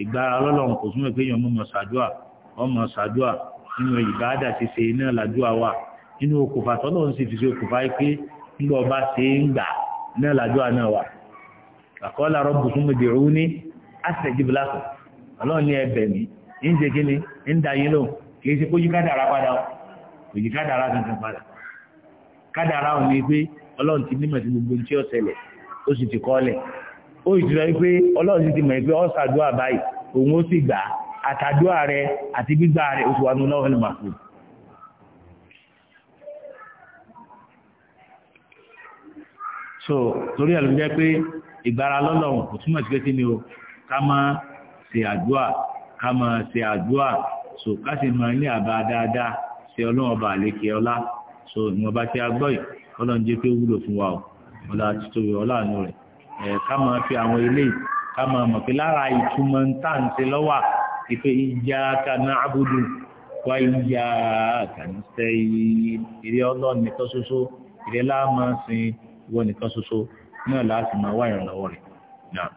ìgbára ọlọ́run kò súnmọ́ pé èèyàn mọ̀ ṣàdúà ọmọ ṣàdúà nínú ìbáàdà ti ṣe iná làdúà wà nínú okùnfà tọ́lọ́ ń sì fi ṣe okùnfà pé nígbà ọba ṣe ń gbà ní làdúà náà wà. ní ọlọ́run ní ẹbẹ̀ mi ń kíni ń da yín lóhùn kì í ṣe kádàrá padà kádàrá tuntun padà kádàrá gbogbo ó ìtura wípé ọlọ́run ti mọ̀ pé ó ṣàdúrà báyìí òun ó sì gbà àtàdúrà rẹ àti gbígbà rẹ oṣù wa ní ọlọ́run so torí ẹ̀ ló jẹ́ pé ìgbára lọ́lọ́run kò túmọ̀ sí pé kí ni o ká máa ṣe àdúrà ká máa ṣe àdúrà so ká sì máa ní àbá dáadáa ṣe ọlọ́run ọba àlékè ọlá so ìwọ̀nba tí a gbọ́ yìí ọlọ́run jẹ́ pé wúlò fún wa o ọlá títóbi ọlá àánú rẹ̀ ká máa fi àwọn ilé ká máa mọ̀ pé lára ìtumọ̀ ń tà ń ṣe lọ́wà ìpè iyyaka na'budu wa iyyaka nasta'in ìrẹ́ ọlọ́run nìkan ṣoṣo ìrẹ́ láàmú sin ìwọ nìkan ṣoṣo náà láti máa wá ìrànlọ́wọ́ rẹ̀ náà.